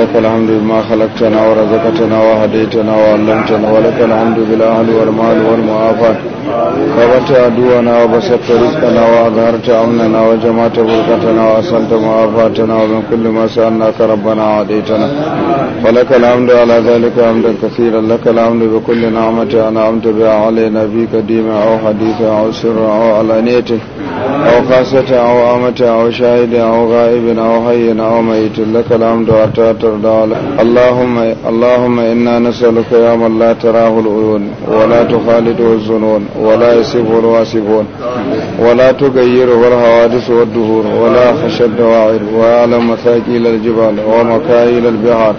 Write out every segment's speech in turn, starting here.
ولك الحمد بما خلقتنا ورزقتنا وهديتنا وعلمتنا ولك الحمد بالأهل والمال والمعافاة كبرت عدونا وبسطت رزقنا وأظهرت أمننا وجمعت بركتنا وأصلت معافاتنا ومن كل ما سألناك ربنا عاديتنا ولك الحمد على ذلك حمدا كثيرا لك الحمد بكل نعمة أنعمت بها علي نبيك ديما أو حديثا أو سرا أو علانية أو خاصة أو أمة أو شاهد أو غائب أو حي أو ميت لك الحمد أتات ترضى اللهم اللهم انا نسالك من لا تراه العيون ولا تخالده الظنون ولا يسبه الواسبون ولا تغيره الحوادث والدهور ولا خشى الدواعر واعلم مثاقيل الجبال ومكايل البحار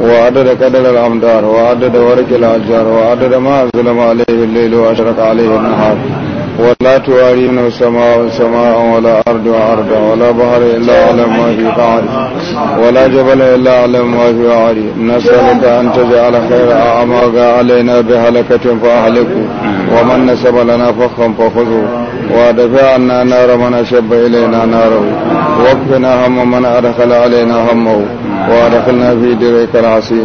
وعدد قدر الامدار وعدد ورق الاشجار وعدد ما ظلم عليه الليل واشرق عليه النهار ولا تواري منه سماء سماء ولا أرض أرضا ولا بحر إلا على ما في قعر ولا جبل إلا على ما في عاري نسألك أن تجعل خير أعماك علينا بهلكة فأهلكه ومن نسب لنا فخا فخذه ودفع عنا نار من أشب إلينا ناره واكفنا هم من أدخل علينا همه وأدخلنا في درك العسير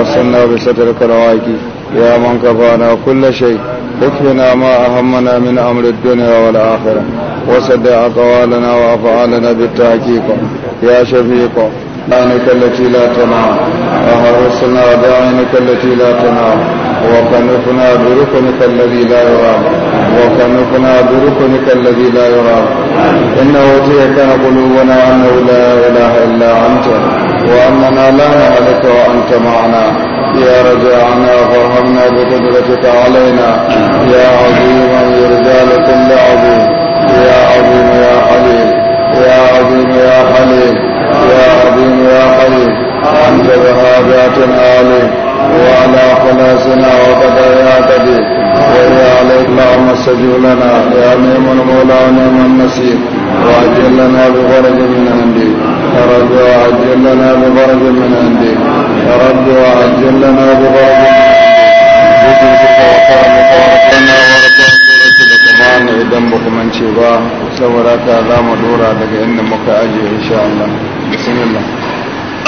وصلنا بسترك الواكي يا من كفانا كل شيء اكفنا ما أهمنا من أمر الدنيا والآخرة وسد أقوالنا وأفعالنا بالتحقيق يا شفيق عينك التي لا تنام وهرسنا بعينك التي لا تنام وكنفنا بركنك الذي لا يرام وكنفنا بركنك الذي لا يرام إنه وجهك قلوبنا أنه لا إله إلا أنت وأننا لا نهلك وأنت معنا يا رجاءنا فارحمنا بقدرتك علينا يا عظيم يا رجال كل عظيم يا عظيم يا حليم يا عظيم يا حليم يا عظيم يا حليم أنت بحاجاتنا عليم وعلى خلاصنا وقضايا قدير وهي عليك اللهم استجب لنا يا نعم المولى ونعم النصير واجل لنا بفرج من عندك يا رب عجل لنا ببرج من عندك يا رب عجل لنا ببرج من عندك wani idan ba kuma ce من saboda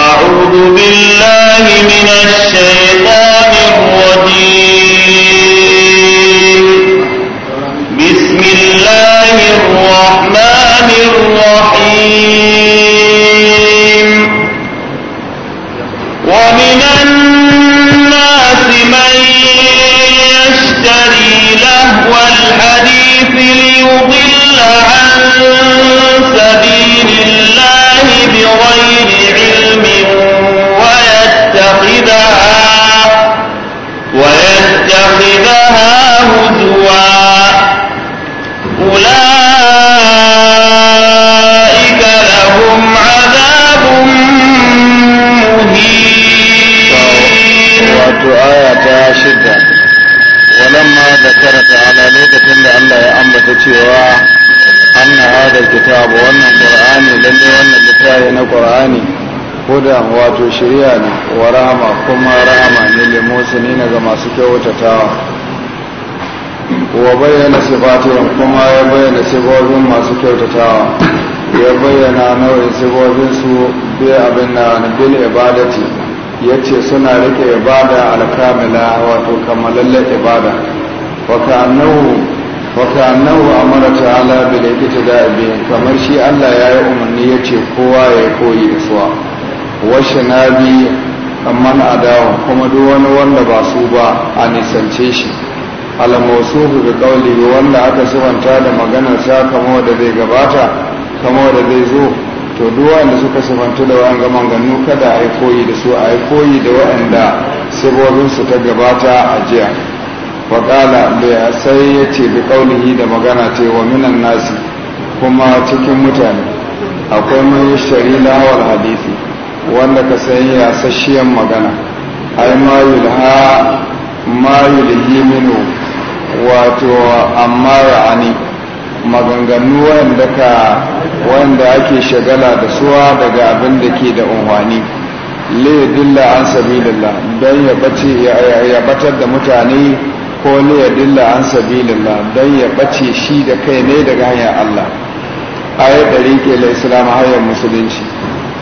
أعوذ بالله من الشيطان الرجيم بسم الله الرحمن الرحيم ta'ala lokacin da Allah ya ambata cewa an na hada kitab wannan qur'ani lalle wannan littafi na qur'ani huda wato shari'a ne wa rahama kuma rahama ne lil musulmin masu kyautatawa wa bayyana sifatun kuma ya bayyana sifofin masu kyautatawa ya bayyana nau'in sifofin su bi abin na bil ibadati yace suna rike ibada alkamila wato kammalallen ibada وكأنه وكأنه أمر تعالى بالابتداء بهم كما شيء الله يا أمني يتشكوا يكوي إسوا وشنابي man adawa كما دون wani wanda ba su ba a nisance shi almausufu bi qawli wanda aka sifanta da maganar sa kama da zai gabata kama da to duk wanda suka sabanta da wa'an wanga manganu kada a yi koyi da su a yi koyi da wa'anda sibobin su ta gabata a jiya wa qala sai ya ce bi qaulihi da magana ce wa minan nasi kuma cikin mutane akwai mai shari lawal hadisi wanda ka san ya sashiyan magana ai ma yulha ma yulhi minu wato amma ra'ani maganganu wanda ka wanda ake shagala da suwa daga abin da ke da unhwani le dilla an sabilillah don ya bace ya batar da mutane ko liya dilla an sabilillah don ya ɓace shi da kai ne daga hanyar Allah ayat da rike la islam hanyar musulunci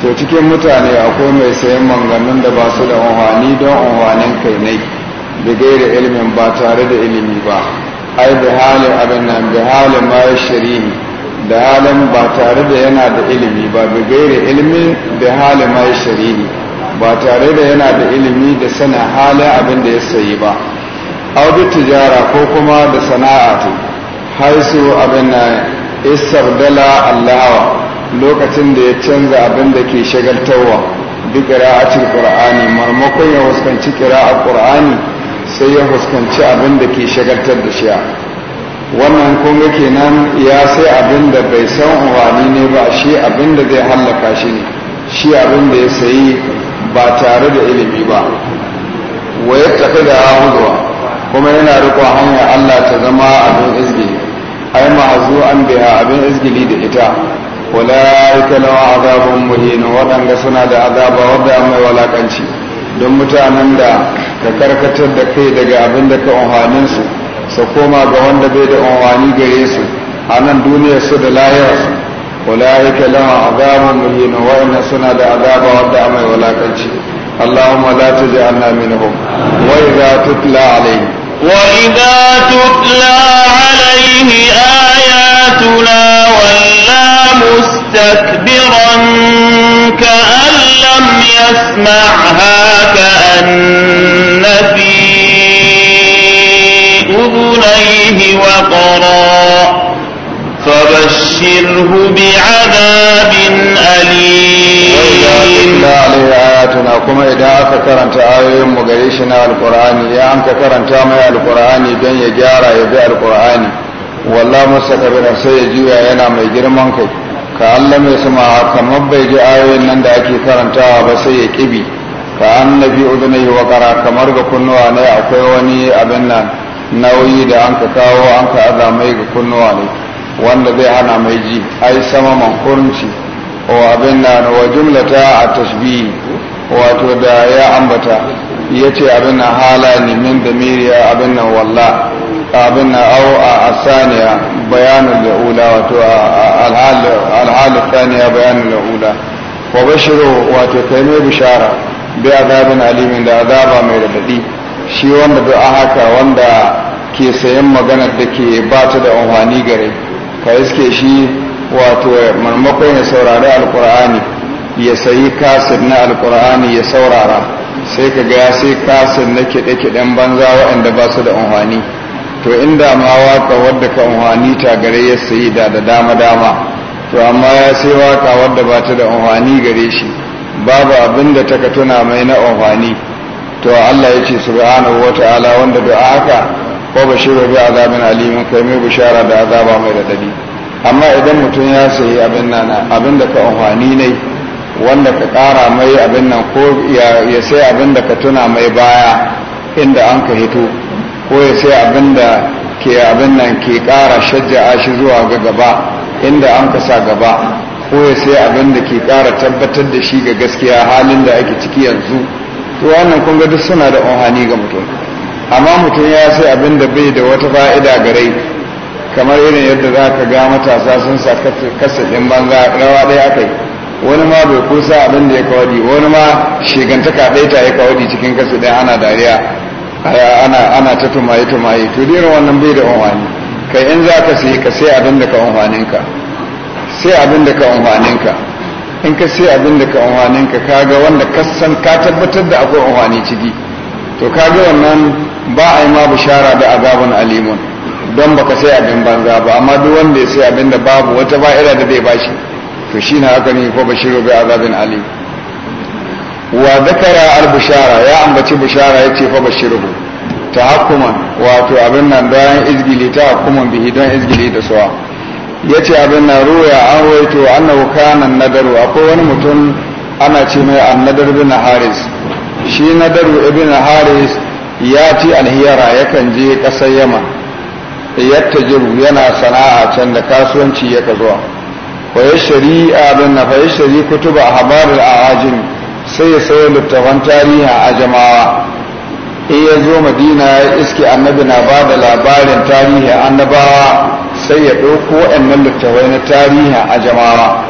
to cikin mutane akwai mai sayan manganun da ba su da unhwani don unhwanin kai ne da gaira ilimin ba tare da ilimi ba ai da halin abin nan da halin ma shari'i da halin ba tare da yana da ilimi ba da gaira ilimin da halin ma shari'i ba tare da yana da ilimi da sanin halin abin da ya sayi ba Audu tijara ko kuma da sana'a ta haisu abin na isar dala allawa lokacin da ya canza abin da ke shagaltarwa duk ra'acin ƙur'ani, marmakon ya fuskanci kira'a ƙur'ani sai ya fuskanci abin da ke shagaltar da shi wannan kuma kenan ya sai abin da bai san umarni ne ba shi abin da zai hallaka shi ne shi abin da ya sayi ba tare da ilimi ba wa ya tafi da hawa kuma yana riko hanyar Allah ta zama abin izgili ai ma'azu an biya abin izgili da ita ulaika lawa azabun muhin waɗanda suna da azaba wadda mai walakanci don mutanen da ka karkatar da kai daga abin da ka unhanin su su koma ga wanda bai da unhani gare su a nan duniyar su da layar su ulaika lawa azabun muhin waɗanda suna da azaba wadda mai walakanci اللهم لا تجعلنا منهم وإذا تتلى عليهم وإذا تتلى عليه آياتنا ولى مستكبرا كأن لم يسمعها كأن في أذنيه وقرا فبشره بعذاب أليم ayatuna kuma idan aka karanta ayoyin mu gare shi na alqur'ani ya an ka karanta mai alqur'ani dan ya gyara ya bi alqur'ani wallahi kabira sai ya juya yana mai girman kai ka Allah mai sama kamar bai ji ayoyin nan da ake karantawa ba sai ya kibi ka annabi udunai wa kara kamar ga kunnuwa ne akwai wani abin nan nauyi da an ka kawo an ka aza mai ga kunnuwa ne wanda zai hana mai ji ai sama mankurunci wa abin nan wa jumlata a tashbihi wato da ya ambata ya ce abin na hala ne min da miriya abin na walla abin na au a asaniya bayanin da ula wato alhali saniya bayanin da ula. wa bashiru wato kai mai bishara bi azabin alimin da azaba mai radadi shi wanda bi a haka wanda ke sayan maganar da ke bata da amfani gare ka iske shi wato marmakon ya saurari alkur'ani ya sayi kasir na alkur'ani ya saurara sai ka gaya sai kasir na kiɗe-kiɗen banza waɗanda ba su da unhani to inda ma waka wadda ka unhani ta gare ya sayi da da dama-dama to amma ya sai waka wadda ba ta da unhani gare shi babu abin da ta ka tuna mai na unhani to Allah ya ce subhanahu ta'ala wanda du'a haka ko ba bi azabin alimin kai mai bishara da azaba mai amma idan mutum ya sayi abin nan abin da ka unhani ne wanda ka kara mai abin nan ko ya sai abin da ka tuna mai baya inda an ka hito ko ya sai abin da ke abin nan ke ƙara shajja'a shi zuwa ga gaba inda an ka sa gaba ko ya sai abin da ke ƙara tabbatar da shi ga gaskiya halin da ake ciki yanzu to wannan kun ga duk suna da unhani ga mutum amma mutum ya sai abin da bai da wata fa'ida gare kamar irin yadda za ka ga matasa sun sa kasa ɗin banza rawa ɗaya aka yi wani ma bai kusa abin da ya kawadi wani ma shigantaka ɗaya ta ya kawadi cikin kasu ɗaya ana dariya ana ta tumaye tumaye to dai wannan bai da amfani kai in za ka sai ka sai abin da ka amfanin ka sai abin da ka amfanin ka in ka sai abin da ka amfanin ka kaga wanda ka san ka tabbatar da akwai umarni ciki to ga wannan ba a yi ma bishara da azabun alimun don baka sai abin banza ba amma duk wanda ya sai abin da babu wata ba'ira da bai bashi to shi na haka ne ko bashiru bi azabin ali wa zakara al bushara ya ambaci bushara yace fa bashiru hakuma wato abin nan bayan izgili hakuma bihi don izgili da suwa yace abin nan ruwa an waito annahu kana nadaru akwai wani mutum ana ce mai annadar bin haris shi nadaru ibn haris ya ci alhiyara yakan je ƙasar yaman jiru yana sana'a can da kasuwanci yaka zuwa wa yashri na fa yashri kutuba ahbar al-ajim sai ya sayo littafan tarihi a jama'a in ya zo madina ya iski annabi na bada da labarin tarihi annabawa sai ya ɗauko wa'annan littafai na tarihi a jama'a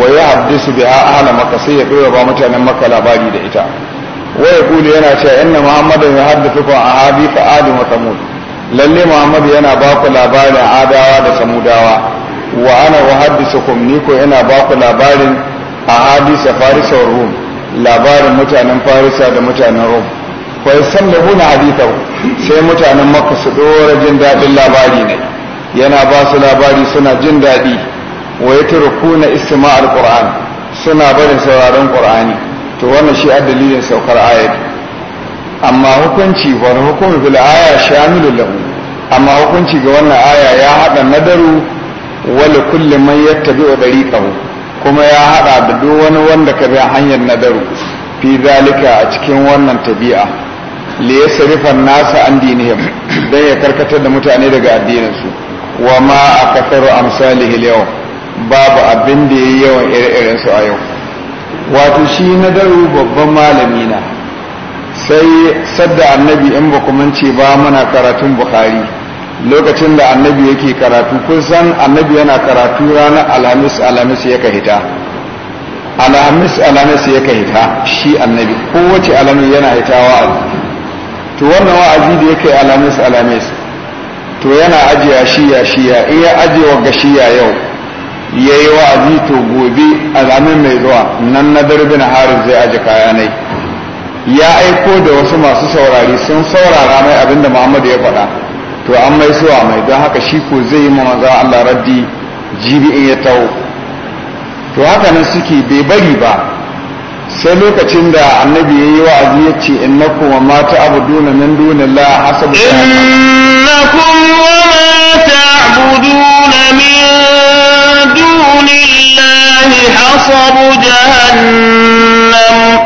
wa ya haddisu bi ahla maka sai ya ɗora mutanen maka labari da ita wa ya kuli yana cewa inna muhammadan ya haddathu a ahabi fa adu wa samud lalle muhammad yana ba labarin adawa da samudawa wa ana uhaddisukum ni ko ina ba ku labarin a hadisa farisa wa rum labarin mutanen farisa da mutanen rum wa yasallahuna hadithahu sai mutanen makka su dora jin dadin labari ne yana ba su labari suna jin dadi wa yatrukuna istima'al qur'an suna barin sauraron qur'ani to wannan shi addalilin saukar ayat amma hukunci wani hukumi aya shamilul lahu amma hukunci ga wannan aya ya hada nadaru wani kullum man ɗari dariqahu kuma ya haɗa da duk wani wanda ka bi hanyar nadaru fi zalika a cikin wannan tabi'a li yasrifa nasa an dinihim dan ya karkatar da mutane daga addininsu wa ma akatharu amsalihi yau babu abin da yayi yawan ire-iren su a yau wato shi nadaru babban malami na sai sadda annabi in ba kuma ce ba muna karatun bukhari lokacin da annabi yake karatu kun san annabi yana karatu ranar alhamis alhamis ya ka hita alhamis alhamis ya ka hita shi annabi kowace alhamis yana hita wa'azi to wannan wa'azi da yake alhamis alhamis to yana ajiya shiya shiya in ya ajiye wa gashiya yau ya yi wa'azi to gobe alamin mai zuwa nan na darbin harin zai aji kayanai ya aiko da wasu masu saurari sun saurara mai abinda muhammadu ya faɗa to an mai suwa mai don haka shi ko zai yi maza Allah raddi jibi in ya taho to haka nan suke bai bari ba sai lokacin da annabi ya yi wa'azi ya ce innakum wa ma ta'buduna min in na kuma mata abu duna min hasa hasabu jahannam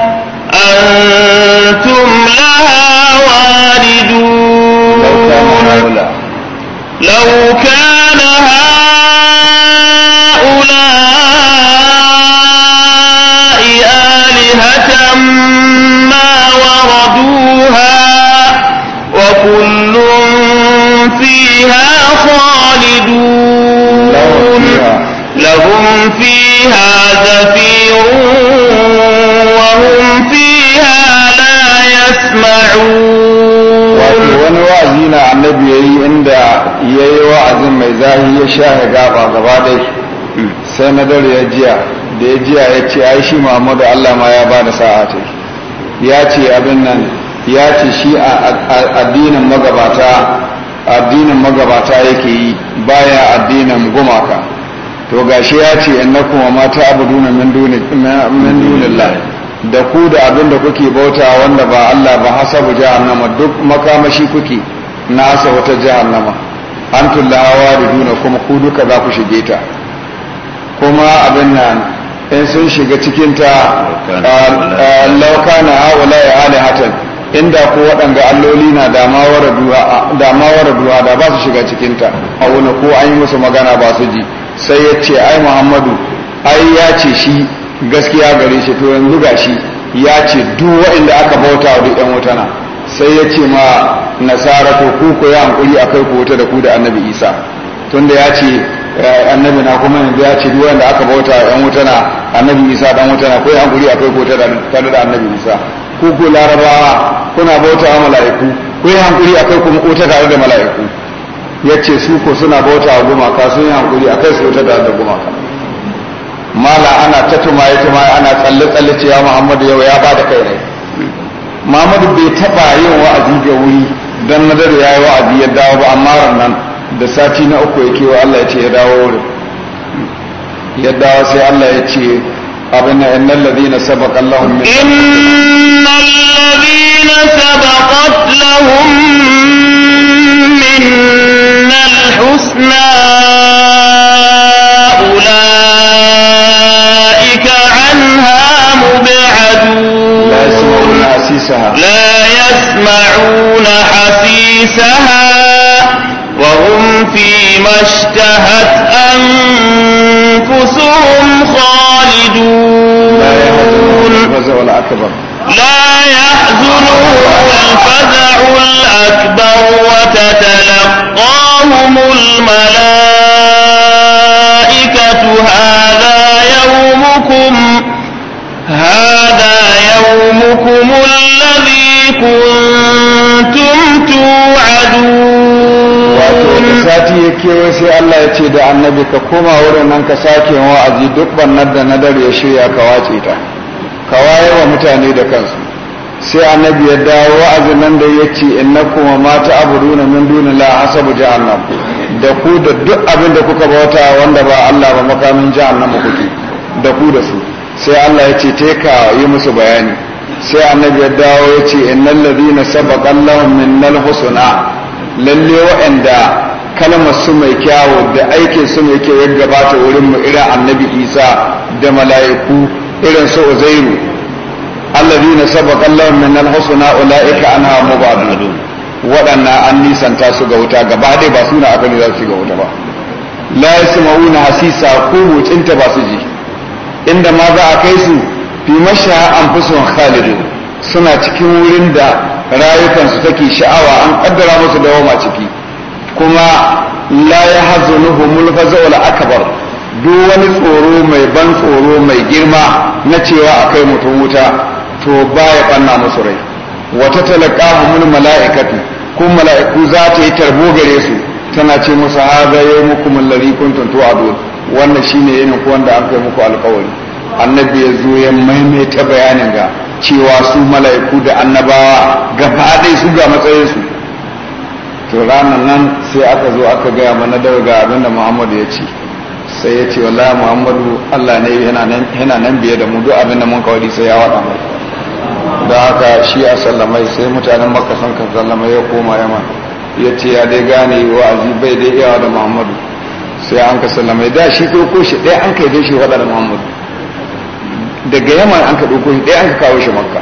antum لو كان هؤلاء آلهة ما وردوها وكل فيها خالدون لهم فيها زفير وهم فيها لا يسمعون وفي wa'azi na annabi yayi inda wa'azin mai zahi ya sha ya gaba gaba dai sai na dare ya jiya da ya jiya ya ce ai shi muhammadu allah ma ya bada sa'a ce ya ce abin nan ya ce shi addinin magabata addinin magabata yake yi baya addinin gumaka to gashi ya ce kuma ma mata abu min min dunillah da ku da abin da kuke bauta wanda ba Allah ba hasabu jahannama duk makamashi kuke na asa wata jahannama antum da juna kuma ku duka za ku shige ta kuma abin nan in sun shiga cikin ta laukana hawala ah, ah, ya alihatan inda ko waɗanda alloli na mawara ah, duwa da ba su shiga cikin ta a wani ko an yi musu magana ba su ji sai ya ce ai muhammadu ai ya ce shi gaskiya gare shi to yanzu ga shi ya ce duk waɗanda aka bauta wa duk 'yan na sai ya ce ma nasara ko ku ku ya hankuri a kai wuta da ku da annabi isa da ya ce eh, annabi na kuma yanzu ya ce duwanda da aka bauta yan wuta na annabi isa dan wuta na ku ya hankuri a kai wuta da annabi isa ku ku larabawa kuna bauta wa mala'iku ku yi hankuri akai ku wuta tare da mala'iku ya ce su ko suna bauta wa gumaka sun yi hankuri a kai su wuta da da gumaka mala ana ta tumaye tumaye ana tsalle tsalle cewa muhammadu yau ya ba da kai ne Muhammadu bai taɓa yin wa'azi ga wuri don nadar ya yi wa'azi ya dawo ba amma nan da sati na uku ya kewa Allah ya ce ya dawo wurin ya dawo sai Allah ya ce abin inna alladhina sabaqa lahum inna alladhina sabaqat lahum minna husna حسيسها لا يسمعون حسيسها وهم فيما اشتهت أنفسهم خالدون لا يحزنهم الفزع الأكبر لا يحزنهم الفزع الأكبر وتتلقاهم الملائكة هذا يومكم يومكم الذي كنتم توعدون wato sati ya kewaye sai Allah ya ce da annabi ka koma wurin nan ka sake wa'azi duk bannar da na dare ya shirya ka wace ta ka waye wa mutane da kansu sai annabi ya dawo wa'azin nan da ya ce innakum ma ta'buduna min dunillahi hasabu jahannam da ku da duk abin kuka bauta wanda ba Allah ba makamin jahannam kuke da ku da su sai Allah ya ce te ka yi musu bayani sai annabi ya dawo ya ce innal ladina sabaqan lahum minnal husna lalle waɗanda kalmar su mai kyawu da aikin su mai kyau ya gabata wurin mu irin annabi Isa da mala'iku irin su Uzairu alladina sabaqan lahum minnal husna ulaika anha mubadun waɗannan an nisanta su ga wuta gaba dai ba suna aka za su ga wuta ba la yasma'una hasisa ko mutunta ba su ji inda ma za a kai su fi masha anfusuhum khalidu suna cikin wurin da rayukansu take sha'awa an kaddara musu da wama ciki kuma la ya nuhu faza'ul akbar duk wani tsoro mai ban tsoro mai girma na cewa akai mutum wuta to baya banna musu rai wata talaqahumul mala'ikatu kun mala'iku za ta yi tarbo gare su tana ce musu hadha muku mallari kuntun tu'adun wannan shine yayin ku wanda an kai muku alƙawari annabi ya zo ya maimaita bayanin ga cewa su mala'iku da annabawa gaba ɗaya su ga matsayinsu to ranar nan sai aka zo aka gaya mana daga abin da muhammadu ya ce sai ya ce wallahi muhammadu allah ne yana nan biye da mu duk abin da mun kawai sai ya waɗa mai da haka shi a sallamai sai mutanen makka sun kan sallamai ya koma yamma ya ce ya dai gane wa'azi bai dai iyawa da muhammadu sai an ka sallamai da shi ko shi ɗaya an kai dai shi waɗa da muhammadu daga yaman an ka ɗauko shi ɗaya an ka kawo shi makka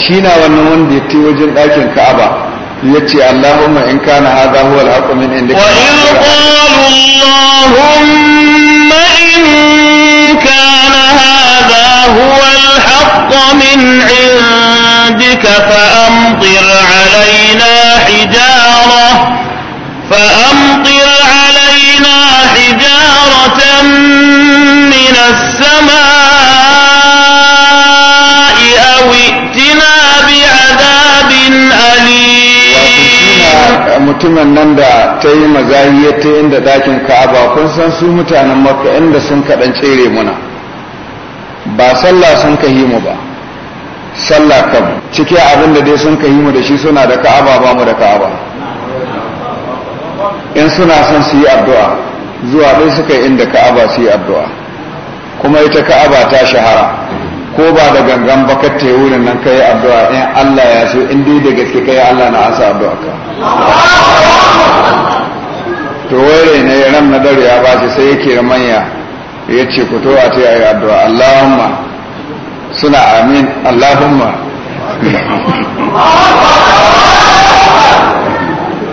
shi na wannan wanda ya wajen ɗakin ka'aba ya ce allahumma in kana hadha huwa al-haqqu min indika wa in qalu allahumma in kana hadha huwa al-haqqu min indika fa amtir alayna hijara fa amtir mutumin nan da ta yi mazahiya ta inda dakin ka'aba kun san su mutanen maka inda sun kaɗan tsere muna ba sallah sun ka mu ba sallah kam ciki abin da dai sun ka mu da shi suna da ka'aba ba mu da ka'aba in suna son su yi addu'a zuwa dai suka yi inda ka'aba su yi addu'a kuma ita ka'aba ta shahara ko ba da gangan ba ka te wurin nan kai addu'a in Allah ya so in dai da gaske kai Allah na asa addu'a ka to wai ne ran na dare ya bashi sai yake manya ya ce ku to a ta yi addu'a Allahumma suna amin Allahumma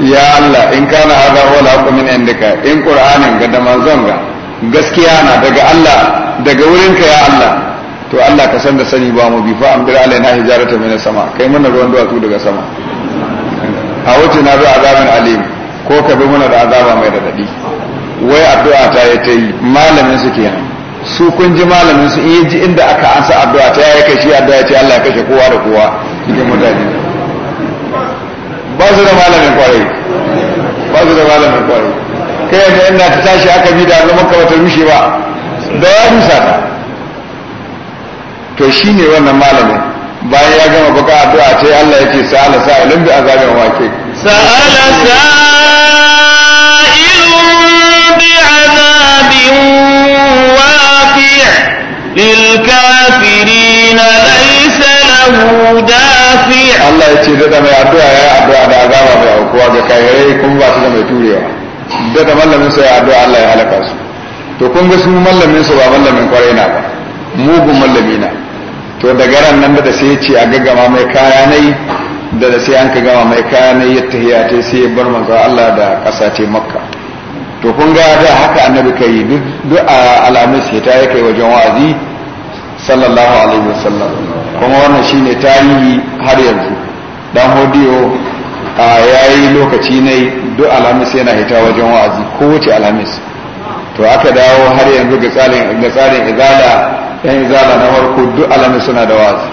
ya Allah in kana hada wala kumin indaka in qur'anin ga da manzon ga gaskiya na daga Allah daga wurinka ya Allah to Allah ka san da sani ba mu bi fa amdir alaina hijarata min sama kai na ruwan duwatsu daga sama a wuce na bi azabin alim ko ka bi mun da azaba mai radadi wai addu'a ta ya ta yi malamin su kenan su kun ji malamin su in ji inda aka ansa addu'a ta ya kashe addu'a ya ce Allah ya kashe kowa da kowa cikin mutane ba su da malamin kwarai ba su da malamin kwarai kai da ina ta tashi aka bi da zama ka wata rushe ba da ya rusa ta to shine wannan malamin bayan ya gama baka addu'a ce, Allah yake sa'ala sa'ilun bi azabin wake sa'ala sa'ilun bi azabin waqi' lil kafirin laysa lahu dafi' Allah yace da mai addu'a ya addu'a da azaba bai aukuwa ga kafirai kun ba su da mai turewa da mallamin sa ya addu'a Allah ya halaka su to kun ga su mallamin su ba mallamin kwarai na ba mugun mallamina. na to daga ran nan da sai ya ce a gaggama mai kaya nai da da sai an ka gama mai kaya nai ya tahiya ta sai ya bar manzo Allah da ƙasa ce makka to kun ga da haka annabi kai duk dua alamun sai ta kai wajen wa'azi sallallahu alaihi wasallam kuma wannan shine tarihi har yanzu dan hodiyo a yayi lokaci ne duk alhamis yana hita wajen wa'azi kowace alhamis to aka dawo har yanzu ga tsarin izala yan izala na farko duk alami suna da wa'azi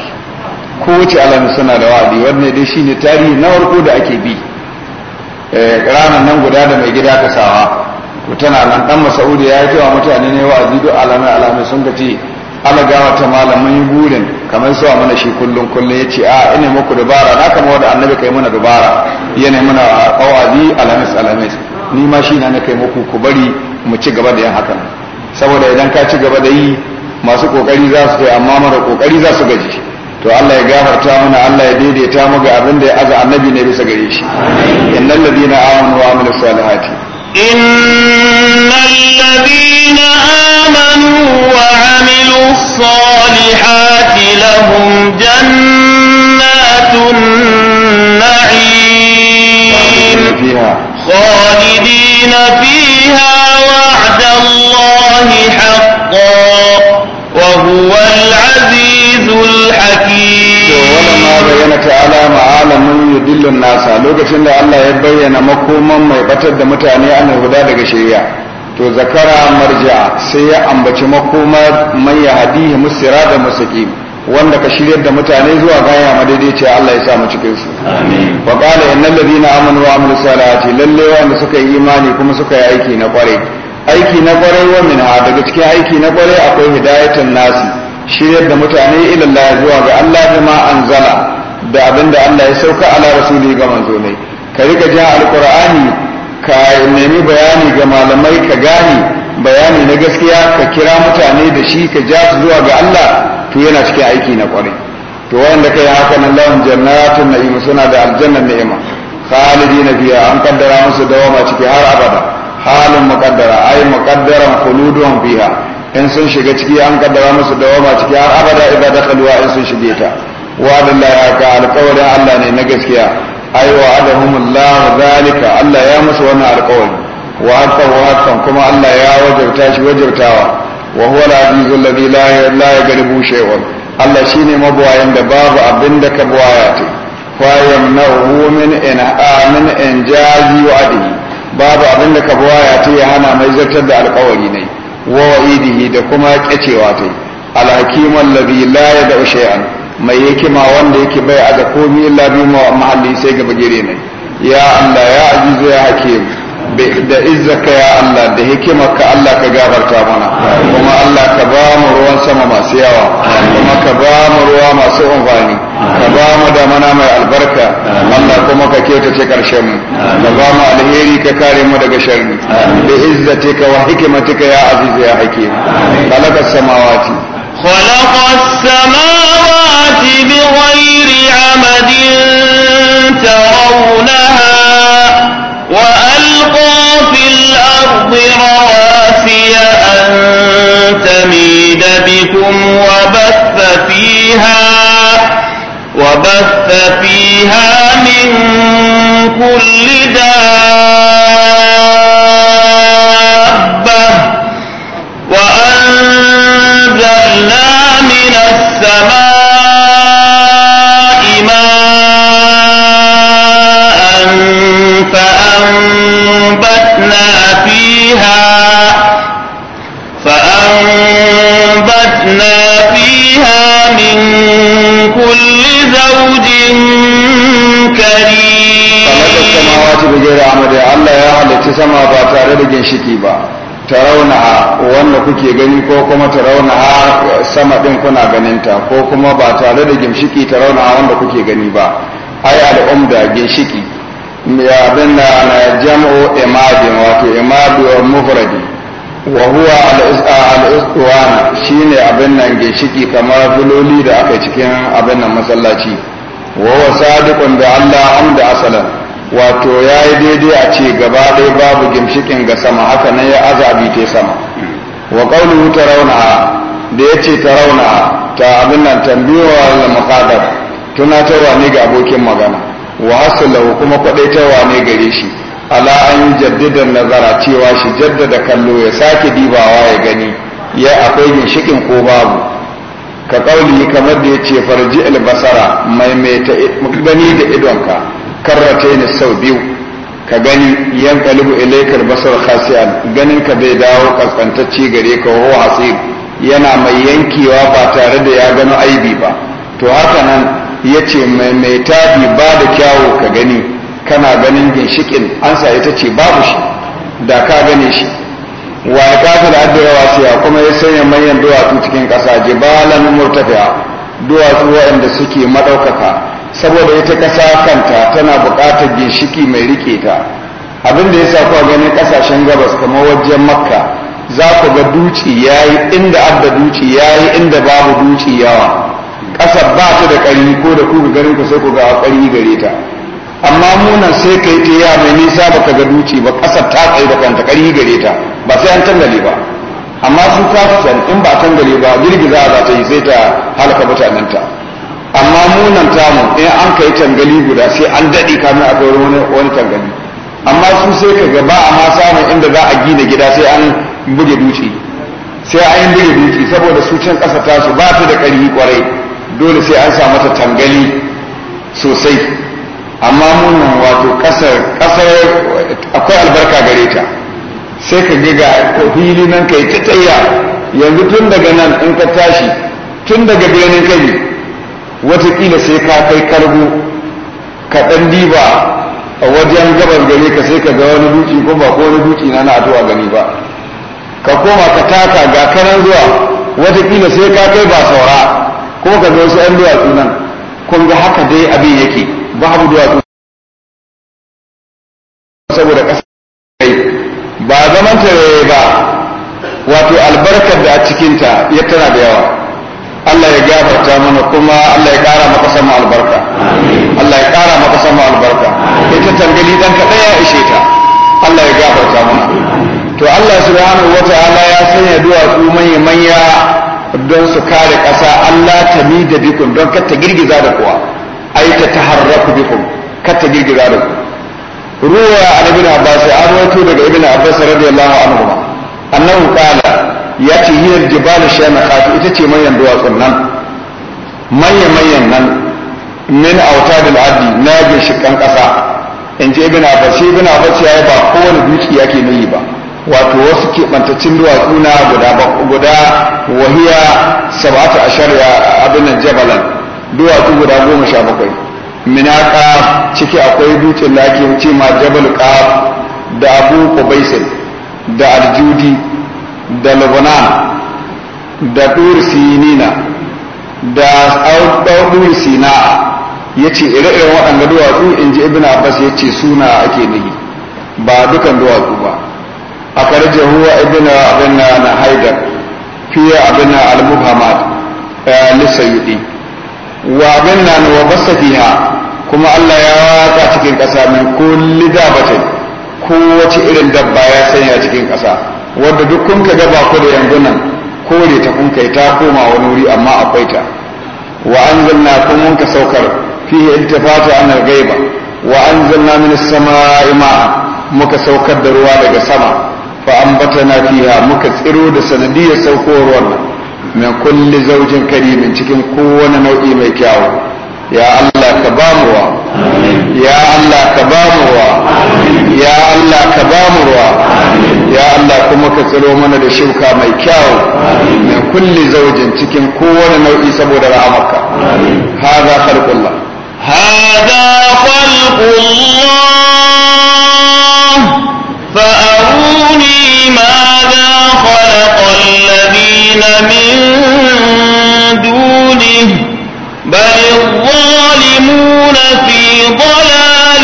kowace alami suna da wa'azi wannan dai shine tarihi na farko da ake bi eh, ranar nan guda da mai gida sawa ko tana nan dan masaudi ya yi wa mutane ne wa'azi duk alami alami sun ga ce alagawa ta malamin yi burin kamar suwa mana shi kullum kullum ya ce a ina muku dubara na kama wadda annabi kai mana dubara yana mana wa'azi alamis alamis ni ma shi na na kai muku ku bari mu ci gaba da yin hakan saboda idan ka ci gaba da yi masu kokari za su kai amma mara kokari za su gaji to Allah ya gafarta mana Allah ya daidaita mu ga abin da ya aza annabi ne bisa gare shi innal ladina amanu wa amilus salihati innal ladina amanu wa amilus salihati lahum jannatun na'im khalidina fiha wa'da Allah haqq وهو العزيز الحكيم ولما بين تعالى معالم يدل الناس لوكاشن da Allah ya bayyana makoman mai batar da mutane an huda daga shari'a to zakara marja sai ya ambaci makomar mai Hadihi, musira da mustaqim wanda ka shiryar da mutane zuwa gaya ma daidai ce Allah ya sa mu cikin su wa qala innal ladina amanu wa amilus salihati lalle wanda suka yi imani kuma suka yi aiki na kwarai aiki na kwarai wa minha daga cikin aiki na kwarai akwai hidayatun nasi shiryar da mutane ilallah zuwa ga Allah bima anzala da abin da Allah ya sauka ala rasuli ga manzo ne ka rika jin alqur'ani ka nemi bayani ga malamai ka gane bayani na gaskiya ka kira mutane da shi ka ja su zuwa ga Allah to yana cikin aiki na kwarai to wanda kai haka nan lahum jannatun na'im suna da aljannan ni'ima khalidina fiha an kaddara musu dawama ciki har abada halin muqaddara ai muqaddaran khuluduhum fiha in sun shiga ciki an kaddara musu dawama ciki har abada idan dakhaluwa in sun shige ta wa billahi ka alƙawarin Allah ne na gaskiya ai wa adahumullah zalika Allah ya musu wannan alqawli wa haqqan wa kuma Allah ya wajabta shi wajabtawa wa huwa al-azizul ladhi la la yaghlibu shay'un Allah shine mabuwayin da babu abinda ka buwaya ta fa yamnahu min in amin in wa adihi babu abin da kabuwa ya ce ya hana mai zartar da alkawari ne wa wa'idihi da kuma kyacewa ta alhakiman labi la ya da ushe'an mai hikima wanda yake bai a da komi labi mahalli sai ga bagire ne ya Allah ya azizu ya hakim da izzaka ya Allah da ka Allah ka gafarta mana kuma Allah ka ba mu ruwan sama masu yawa kuma ka ba mu ruwa masu amfani ka ba mu da mana mai albarka Allah kuma ka kyautace karshen mu ka ba mu alheri ka kare mu daga sharri bi izzatika wa ka ya aziz ya hakim khalaqa samawati khalaqa samawati bi ghairi amadin tarawnaha الأرض رواسي أن تميد بكم وبث فيها وبث فيها من كل دابة وأنزلنا من السماء sama ba tare da ginshiki ba ta a wanda kuke gani ko kuma ta a sama ɗin kuna ganinta ko kuma ba tare da ginshiki ta a wanda kuke gani ba ai al'umda ginshiki ya bin na jam'u imadin wato imadu mufradi wa huwa al-istiwana shine abin nan ginshiki kamar filoli da aka cikin abin nan masallaci wa huwa sadiqun bi Allah amda asalan wato ya yi daidai a ce gaba ɗaya babu gimshikin ga sama haka nan ya azabi ta sama wa ta tarawna da ya ce ta tarawna ta abin nan tambiwa la muqaddar tunatarwa ne ga abokin magana wa asalahu kuma ta ne gare shi ala an jaddada nazara cewa shi jaddada kallo ya sake dibawa ya gani ya akwai ginshikin ko babu ka ƙauli kamar da ya ce farji albasara mai mai ta gani da idonka karratain sau biyu ka gani yan kalibu ilaikar basar khasi'an ganin ka bai dawo kaskantacci gare ka ho hasib yana mai yankewa ba tare da ya gano aibi ba to haka nan yace mai mai tabi ba da kyawu ka gani kana ganin ginshikin ansa ita ce babu shi da ka gane shi wa kafir addu'a wasiya kuma ya sanya manyan duwatsu cikin ƙasa jibalan murtafi'a duwatsu waɗanda suke maɗaukaka saboda ita kasa kanta tana buƙatar ginshiki mai rike ta abin da ya sa kuwa ganin ƙasashen gabas kamar wajen makka za ku ga duci yayi inda abda duci yayi inda babu duci yawa ƙasar ba ta da ƙari ko da ku garin ku sai ku ga ƙari gare ta amma munan sai kai ta ya mai nisa ka ga duci ba ƙasar ta tsaye da kanta ƙari gare ta ba sai an tangale ba amma su kafin in ba tangale ba girgiza za ta yi sai ta halaka mutanenta amma munan tamu in an kai tangali guda sai an daɗe kamin a kai wani tangali amma su sai ka ga ba a ma samun inda za a gina gida sai an buge duci sai an buge duci saboda su can ƙasa tasu ba ta da ƙarfi ƙwarai dole sai an samu ta tangali sosai amma munan wato ƙasar ƙasar akwai albarka gare ta sai ka ga fili nan kai ta tsaya yanzu tun daga nan in ka tashi tun daga birnin kai watakila sai ka kai kargo ka ɗan diba a wajen gaban gare ka sai ka ga wani duki ko ba ko wani duki na na zuwa gani ba ka koma ka taka ga karan zuwa watakila sai ka kai ba saura kuma ka ga wasu 'yan duwatsu nan kun ga haka dai abin yake babu duwatsu saboda ƙasa ba zaman ta ba wato albarkar da a cikinta ya tana da yawa Allah ya gafarta mana kuma Allah ya kara maka sama albarka Allah ya kara maka sama albarka ita tangali dan ka ya ishe ta Allah ya gafarta mana to Allah subhanahu wata'ala ya sanya duwatsu manya manya don su kare ƙasa Allah ta mi da bikun don kar ta girgiza da kuwa ai ta taharraku bikun kar ta girgiza da ku ruwa an ibn abbas an rawaito daga ibn abbas radiyallahu anhu annahu qala ya ce hiyar na kasu ita ce manyan duwatsun nan manya manyan nan min auta da la'adi na ginshikan ƙasa in ji ibn abbas ibn abbas ya ba kowane duki ke nuyi ba wato wasu keɓantaccen duwatsu na guda guda wahiya a shari'a abin jabalan duwatsu guda goma sha bakwai minaka ciki akwai dutsen da ake wuce ma jabal ƙaf da abu qubaisin da aljudi da lebanon da ɗur sinina da ɗauɗin sina ya ce ire-iren waɗanda duwatsu in ji ibn abbas ya ce suna ake nihi ba dukan duwatsu ba a karje huwa ibn abin na haidar fiye abin na al-muhammad eh, lissayudi wa abin na wa basa fiha kuma allah ya waka cikin ƙasa min kulli dabatin kowace irin dabba ya sanya cikin ƙasa wadda duk kun ka gaba ku da yanzu nan kore ta kun kai ta koma wani wuri amma akwai ta wa anzalna kun mun ka saukar fihi iltifata an al-ghaiba wa anzalna min as-samaa'i ma'a muka saukar da ruwa daga sama fa ambatana fiha muka tsiro da sanadiyar saukowar wannan min kulli zawjin karimin cikin kowane nau'i mai kyawu ya Allah ka ba ya Allah ka ba ya Allah ka ba ya Allah kuma ka tsiro mana da shuka mai kyau mai kulle zaujin cikin kowane nau'i saboda rahamarka hada khalqullah hada ma fa'aruni ماذا خلق الذين من دونه بل الظالمون في ضلال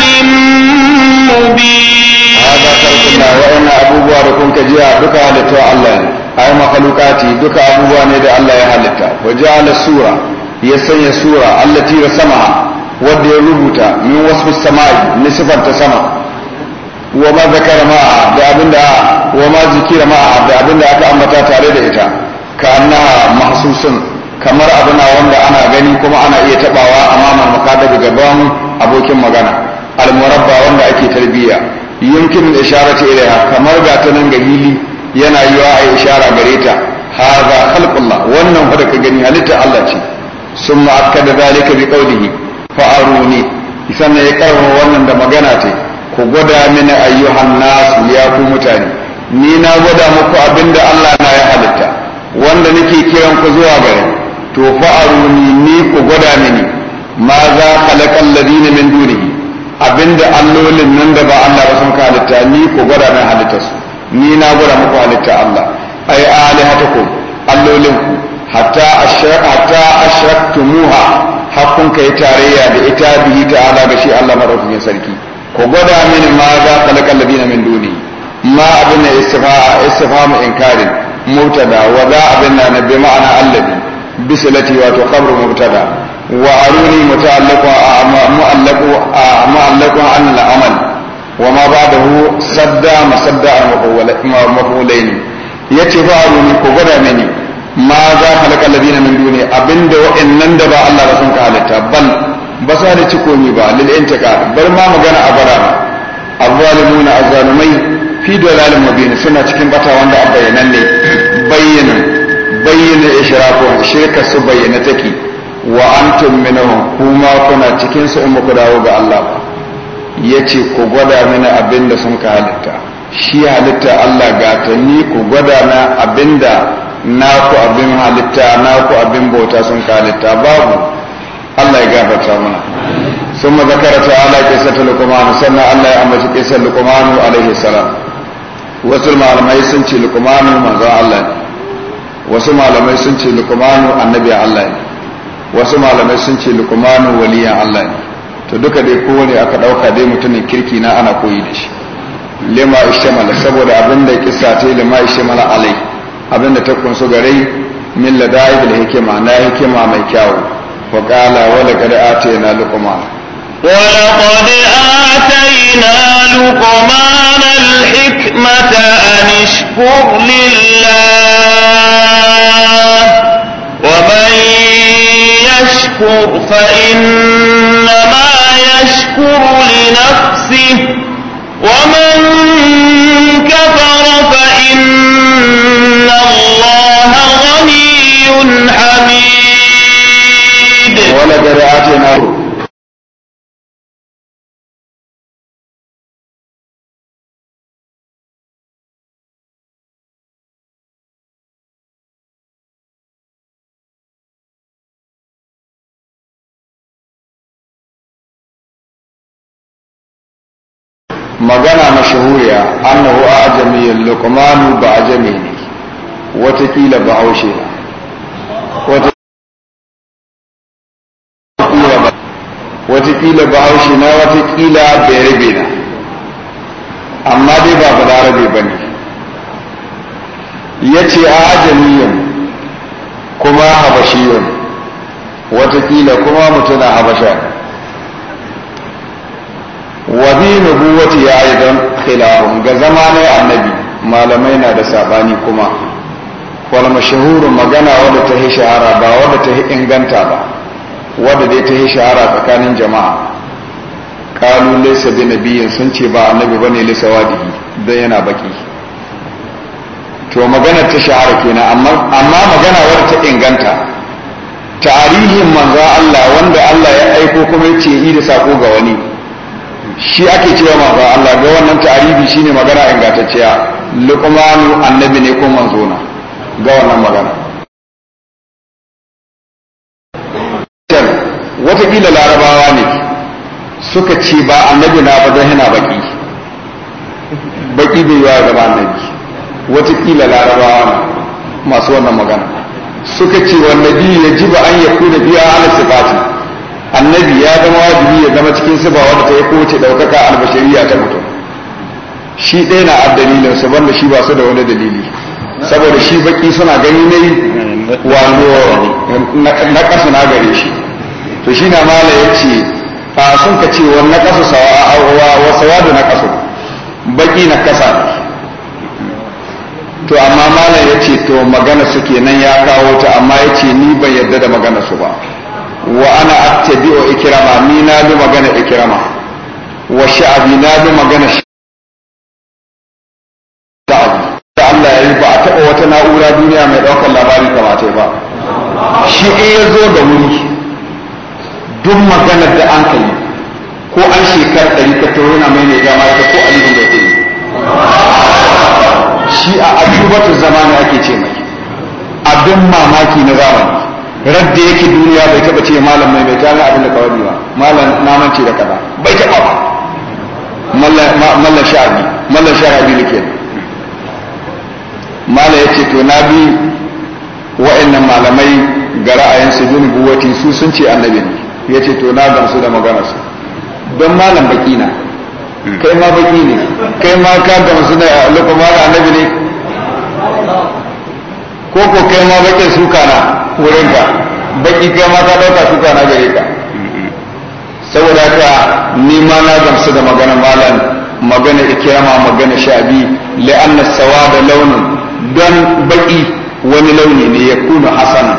مبين هذا خلقنا وإن أبوبوا لكم كجيا بك هلتا الله أي مخلوقاتي halitta أبوبوا ندى الله a'a وجعل السورة يسني السورة التي رسمها wadda ya rubuta min wasu samai na sifarta sama wa ma zakara ma'a da abinda wa ma zikira ma'a da da aka ambata tare da ita ka na mahasusun. kamar abu na wanda ana gani kuma ana iya tabawa amma mamaka daga gaban abokin magana almurabba wanda ake tarbiyya isharar ta ilaiha kamar ga ta nan gabili yana yiwa a ishara gare ta hadha khalqullah wannan fa da ka gani halitta Allah ce summa akkada zalika bi qawlihi fa aruni sannan ya karfa wannan da magana ce ku gwada mini ayyuhan nasu ya ku mutane ni na gwada muku abinda Allah na ya halitta wanda nake kiran ku zuwa gare to fa'aruni ni ku gwada mini ma za khalaqal ladina min dunihi abinda allolin nan da ba Allah ba sun ka halitta ni ku gwada min su ni na gwada muku halitta Allah ai alihatakum allolin ku hatta ashra hatta ashraktumuha hakkun kai tarayya da ita bihi ta'ala ga shi Allah madaukakin sarki ku gwada mini ma za khalaqal ladina min dunihi ma abinda istifa istifhamu inkarin mutada wa za abinda na bi ma'ana allabi bisilati wato khabru mubtada wa aruni muta'allaqu mu'allaqu mu'allaqu an al-amal wa ma ba'dahu sadda masadda al-mafulain yace ba aruni ko gada mini ma za halaka ladina min duni abinda wa'annan da ba Allah rasul ka halitta bal ba sa da cikomi ba lil intaka bar ma magana a bara azzalimuna azzalumai fi dalalin mubin suna cikin bata wanda a bayyana ne bayyana bayyana ishrakuhum shirka su bayyana take wa antum minhum kuma kuna cikin su in muku dawo ga Allah ba yace ku gwada mana abinda sun ka halitta shi halitta Allah gata ni ku gwada na abinda na ku abin halitta na ku abin bauta sun ka halitta babu Allah ya gafarta mana ثم ذكر تعالى قصة لقمان سنة الله يأمش قصة لقمان عليه السلام wasu malamai sun ce lukumanu manzon Allah ne wasu malamai sun ce lukumanu annabi Allah ne wasu malamai sun ce lukumanu waliyan Allah ne to duka dai kowane aka ɗauka dai mutumin kirki na ana koyi da shi lima ishtamala saboda abin da kisa ce lima ishtamala alai abin da ta kunsu gare min ladai bil hikima na hikima mai kyawu wa qala wa laqad atayna luqman ولقد آتينا لقمان الحكمة أن اشكر لله ومن يشكر فإنما يشكر لنفسه ومن كفر فإن الله غني حميد ولقد آتينا magana mashahuriya annahu ajamiyyun luqmanu ba ajami ne watakila ba haushe watakila ba haushe na watakila bai rabe na amma dai ba ba rabe ba ne ya ce a ajamiyyun kuma habashiyun watakila kuma mutuna habasha wa nubuwati ya aidan khilafun ga zamanin annabi malamai na da sabani kuma wal mashahuru magana wadda ta yi shahara ba wadda ta yi inganta ba wadda dai ta yi shahara tsakanin jama'a kalu laysa bi nabiyyin sun ce ba annabi bane laysa wadihi dan yana baki to magana ta shahara kenan amma amma magana wadda ta inganta tarihin manzo Allah wanda Allah ya aiko kuma yace yi da sako ga wani shi ake cewa manzo Allah ga wannan ta'aribi shine magana ingantacciya luqmanu annabi ne ko manzo na ga wannan magana wata watakila larabawa ne suka ce ba annabi na ba don hina baki baki bai wa gaba annabi wata watakila larabawa ne masu wannan magana suka ce wannan biyu ya ji ba an yaku da biya ala sifati annabi ya zama wajibi ya zama cikin ba wanda ta yi kowace ɗaukaka albashariya ta mutum shi ɗaya na abdalilin su banda shi ba su da wani dalili saboda shi baki suna gani ne wano na ƙasa na gare shi to shi na mala ya ce a sun ka ce wani ƙasa sawa da na ƙasa baki na ƙasa to amma mala ya ce to magana su kenan ya kawo ta amma ya ce ni ban yarda da magana su ba wa ana attabi'u ikrama ni na bi magana ikrama wa sha'abi na bi magana sha'abi da Allah ya yi ba a taɓa wata na'ura duniya mai ɗaukar labari ta ba shi in ya zo da wuri duk maganar da an kai ko an shekar ɗari ka tauri na mai ne gama ta ko alibin da yi shi a ajubatu zamani ake ce mai abin mamaki na zamani radda yake duniya bai taba ce malam mai bai tana abin da kawai ba malam naman ce da kaza bai taba ba mallan sha'abi mallan sha'abi ne kenan mala ya ce to na bi wa'annan malamai ga su bin buwati su sun ce annabi ne ya ce to na gamsu da maganarsu don malam baki na kai ma baki ne kai ma ka gamsu da lokacin annabi ne ko ko kai ma bakin suka na wurin ka baki kai ma ka dauka su kana gare ka saboda ka ni ma na gamsu da magana malam magana ikirama magana shabi la'anna sawaba launin don baki wani launi ne ya kuna hasana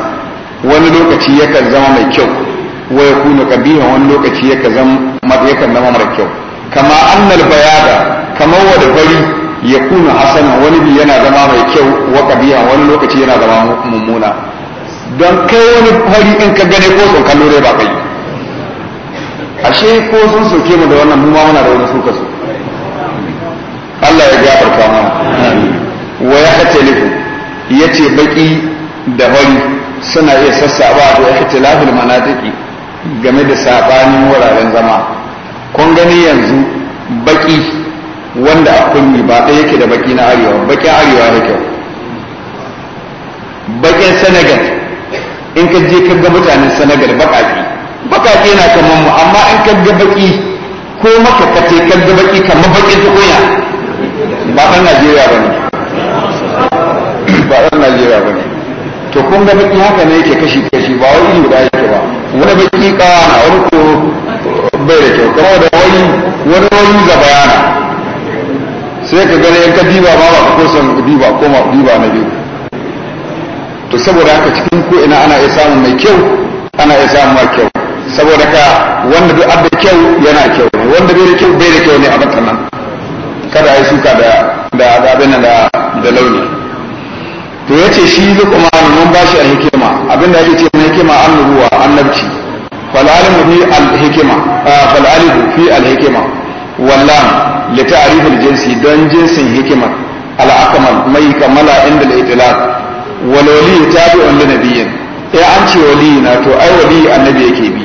wani lokaci yakan zama mai kyau wai ya kuna kabiha wani lokaci yakan zama mara kyau kama annal bayada kamar wada fari ya kuna hasana wani bi yana zama mai kyau wa kabiha wani lokaci yana zama mummuna don kai wani fari in ka gane ko sun kallo dai ba kai ashe ko sun soke mu da wannan mu ma muna da wani suka su Allah ya gafarta mana wa ya hatalifu yace baki da hori suna iya sassaba da ihtilafil manatiki game da sabanin wuraren zama kun gani yanzu baki wanda a kunni ba ɗaya yake da baki na arewa bakin arewa da kyau bakin senegal in ka je ka ga mutanen sanagar bakaki bakaki na ka mu amma in ka ga baki ko maka ka te ka ga baki kamar ta kunya ba ɗan Najeriya bane ba ɗan Najeriya bane to kun ga baki haka ne yake kashi kashi ba wani iri guda yake ba wani baki kawa na wani ko bai da kyau kamar da wani wani wani zaba yana sai ka gani in ka diba ba ba ko kusan diba ko ma diba na biyu to saboda haka cikin ko ina ana iya samun mai kyau ana iya samun mai kyau saboda ka wanda duk abda kyau yana kyau wanda bai da kyau bai da kyau ne a batan nan kada a suka da da abin da da launi to yace shi kuma mun bashi alhikima da yake ce hikima annabuwa annabci alhikima في الحكمة آه فالعالم في الحكمة واللام لتعريف don jinsin جنس حكمة mai kamala inda al-itlaq walwali wali tabi'un li nabiyyin eh an ce wali na to ai wali annabi yake bi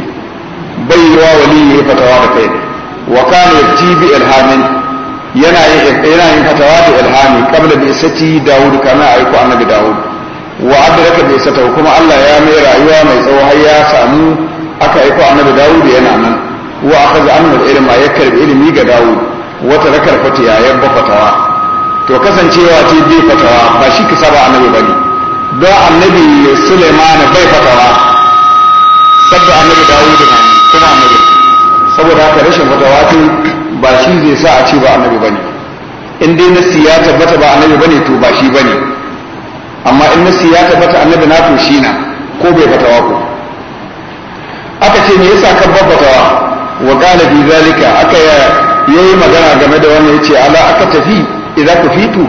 bai yiwa wali ya fatawa da kai wa kana yafti bi ilhamin yana yana yin fatawa da ilhami qabla bi sati daud kana aiko annabi daud wa adraka bi isata kuma Allah ya mai rayuwa mai tsawo har ya samu aka aiko annabi daud yana nan wa akhadha anhu ilma ya karbi ilimi ga daud wata rakar fatiya ya fatawa to kasancewa ce bai fatawa ba shi kisa ba annabi bane don annabi Suleiman bai fatawa sabda annabi Dawud na kuma annabi saboda haka rashin fatawa tun ba shi zai sa a ce ba annabi bane in dai nasi ya tabbata ba annabi bane to ba shi bane amma in nasi ya tabbata annabi na to shi na ko bai fatawa ko aka ce me yasa kan babbatawa wa qala bi zalika aka yayi magana game da wannan yace ala aka tafi idan ku fitu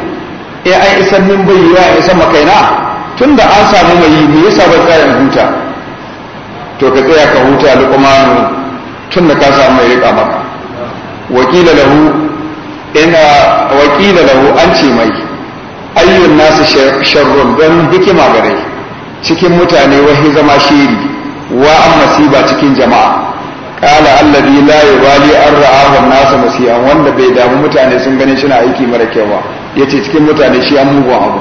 eh ai isan min bai ya isan makaina tun da an samu mai yi me yasa ban tsayin huta to ka tsaya ka huta kuma tun da ka samu mai rika maka wakila lahu ina wakila lahu an ce mai ayyun nasu sharrun don hikima gare cikin mutane wahi zama shiri wa an masiba cikin jama'a kala alladhi la yubali an ra'ahu nasu masiyan wanda bai damu mutane sun gani suna aiki mara kyau ba yace cikin mutane shi an mugun abu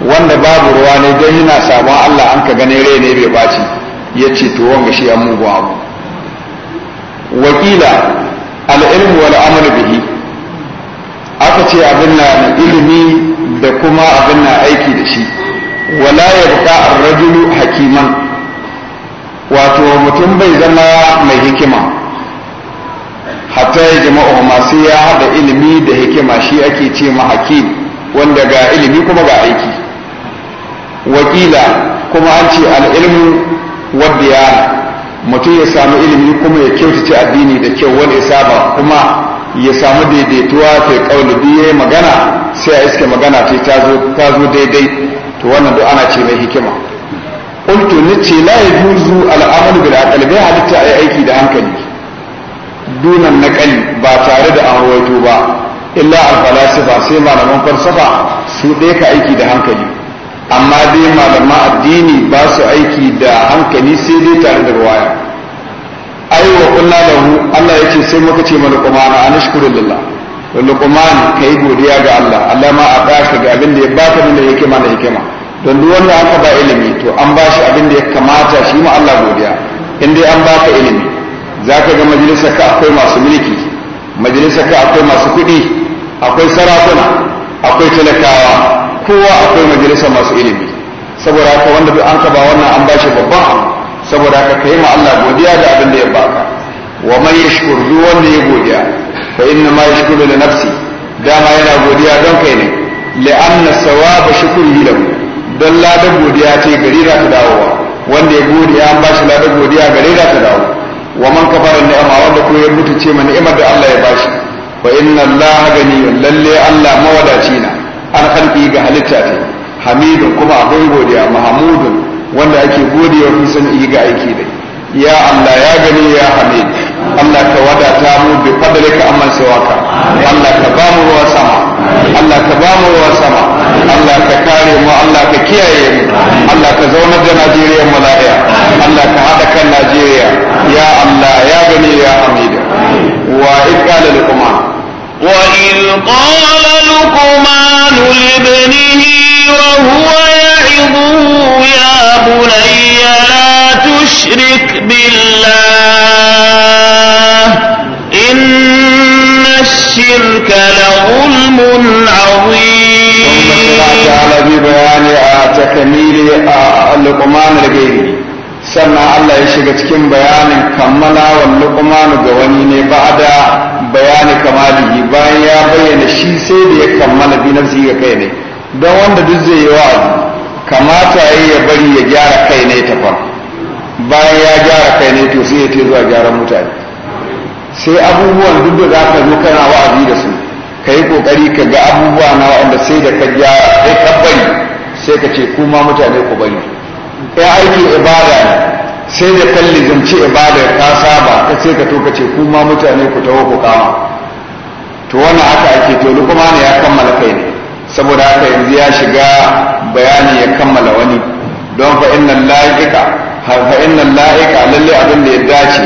wanda babu ruwa ne don yana sabon Allah an ka gane rai ne bai baci ya ce to wanga shi an mugun abu wakila al'ilmu wani amalu bihi aka ce abin na ilimi da kuma abin na aiki da shi wala ya buka rajulu hakiman wato mutum bai zama mai hikima hatta ya jama'a masu ya haɗa ilimi da hikima shi ake ce ma hakim wanda ga ilimi kuma ga aiki wakila kuma an ce al'ilmu wadda ya mutum ya samu ilimi kuma ya kyautace addini da kyau wani saba kuma ya samu daidaituwa fi kauli biye magana sai a iske magana ce ta zo daidai to wannan duk ana ce mai hikima ni ce la juzu al'amalu bil a bai halitta ai aiki da hankali dunan naqali ba tare da an ba illa al falasifa sai malaman falsafa su ɗaya ka aiki da hankali amma dai malaman addini ba su aiki da hankali sai dai tare da ruwaya ai wa kunna lahu Allah yake sai muka ce mana ana anashkuru lillah luqman kai godiya ga Allah Allah ma a baka ga abin da ya baka da hikima da hikima don duk wanda aka ba ilimi to an ba shi abin da ya kamata shi ma Allah godiya in dai an baka ilimi zaka ga majalisar ka akwai masu mulki majalisar ka akwai masu kuɗi akwai sarakuna akwai talakawa kowa akwai majalisa masu ilimi saboda haka wanda duk an ba wannan an bashi babban abu saboda haka kai ma Allah godiya da abin da ya baka wa man yashkur du wanda ya godiya fa inna ma yashkuru li nafsi dama yana godiya don kai ne anna sawaba shukrihi lahu don ladar godiya ce gari za ta dawo wanda ya godiya an bashi ladar godiya gari za ta dawo wa man kafara ni'ama wanda ko ya mutu ce ma ni'imar da Allah ya bashi fa inna Allah gani lalle Allah mawadaci na an harfi ga halitta ce hamidun kuma abin godiya mahamudun wanda ake godewa fi yi ga aiki da ya Allah ya gani ya hamid Allah ka wadata mu bi fadlika amman sawaka Allah ka ba mu ruwa sama Allah ka ba mu ruwa sama Allah ka kare mu Allah ka kiyaye mu Allah ka zaunar da Najeriya mu Allah ka hada kan Najeriya ya Allah ya gani ya hamid wa ikala lukman وإذ قال لقمان لابنه وهو يعظه يا بني لا تشرك بالله إن الشرك لظلم عظيم ثم تعالى ببيان تكميل آه، لقمان لغيره sannan Allah ya shiga cikin bayanin wa luqmanu ga wani ne ba da bayani kamalihi bayan ya bayyana shi sai da ya kammala bi nafsi ga kai ne don wanda duk zai yi wa'azi kamata ya ya bari ya gyara kai ne ta fa bayan ya gyara kai ne to sai ya ce zuwa gyaran mutane sai abubuwan duk da za ka zo kana wa'azi da su ka kokari ka ga abubuwa na wanda sai da ka gyara kai ka bari sai ka ce kuma mutane ku bari ya aiki ibada sai da kalli zance ibada ka saba ka ce ka to ka ce kuma mutane ku taho ku kama to wannan aka ake to kuma ne ya kammala kai ne saboda haka yanzu ya shiga bayani ya kammala wani don fa innal la'iqa fa innal a lalle abin da ya dace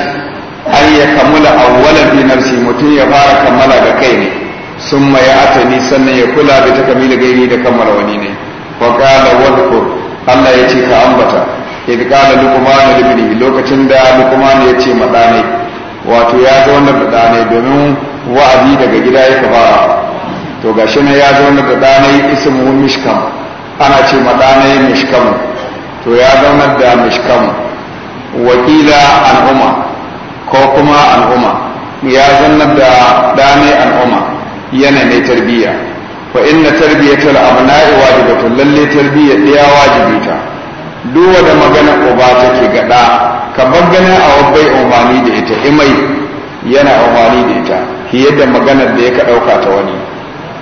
an ya kammala awwalan bi nafsi mutum ya fara kammala da kai ne summa ya atani sannan ya kula da takamila gairi da kammala wani ne wa qala wadhkur Allah ya ce ka ambata idh qala luqman libni lokacin da luqman ya ce madane wato ya ga wannan madane domin wa'azi daga gida yake fara to gashi ne ya ga wannan madane ismu mishkam ana ce madane mishkam to ya wannan da mishkam wakila al'umma ko kuma al'umma ya wannan da ɗane al'umma yana ne tarbiyya fa inna tarbiyatul abna'i wajibatun lalle tarbiyya ɗaya wajibita ta duwa da magana uba take gada ka bagana a wabbai umarni da ita imai yana umarni da ita fiye da maganar da ya ka ɗauka ta wani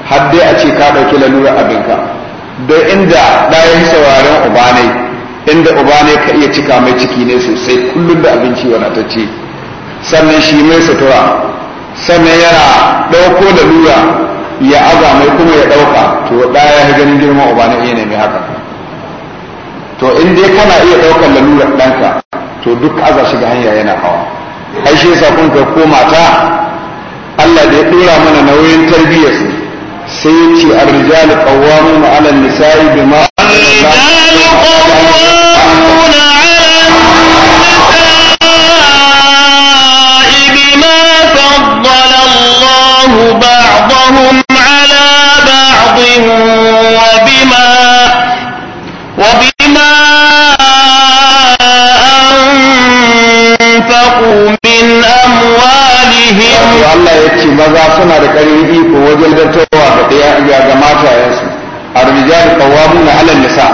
har dai a ce ka ɗauki lalura abinka don inda ɗayan sauraron uba ne inda uba ne ka iya cika mai ciki ne sosai kullum da abinci ce. sannan shi mai sutura sannan yana ɗauko lalura ya aza mai kuma ya ɗauka to ɗa ya yi ganin girma uba na iya nemi haka to in dai kana iya ɗaukar lalurar ɗanka to duk aza shi ga hanya yana hawa ai shi yasa kun ko mata Allah da ya ɗora mana nauyin tarbiyyar su sai ya ce ar-rijalu 'ala nisai bima بعضهم بأرض وبما وبما أنفقوا من أموالهم الله يكفي ماذا صنع لكريم إيكو وجل دتوا يا جماعة يسوع الرجال قوامون على النساء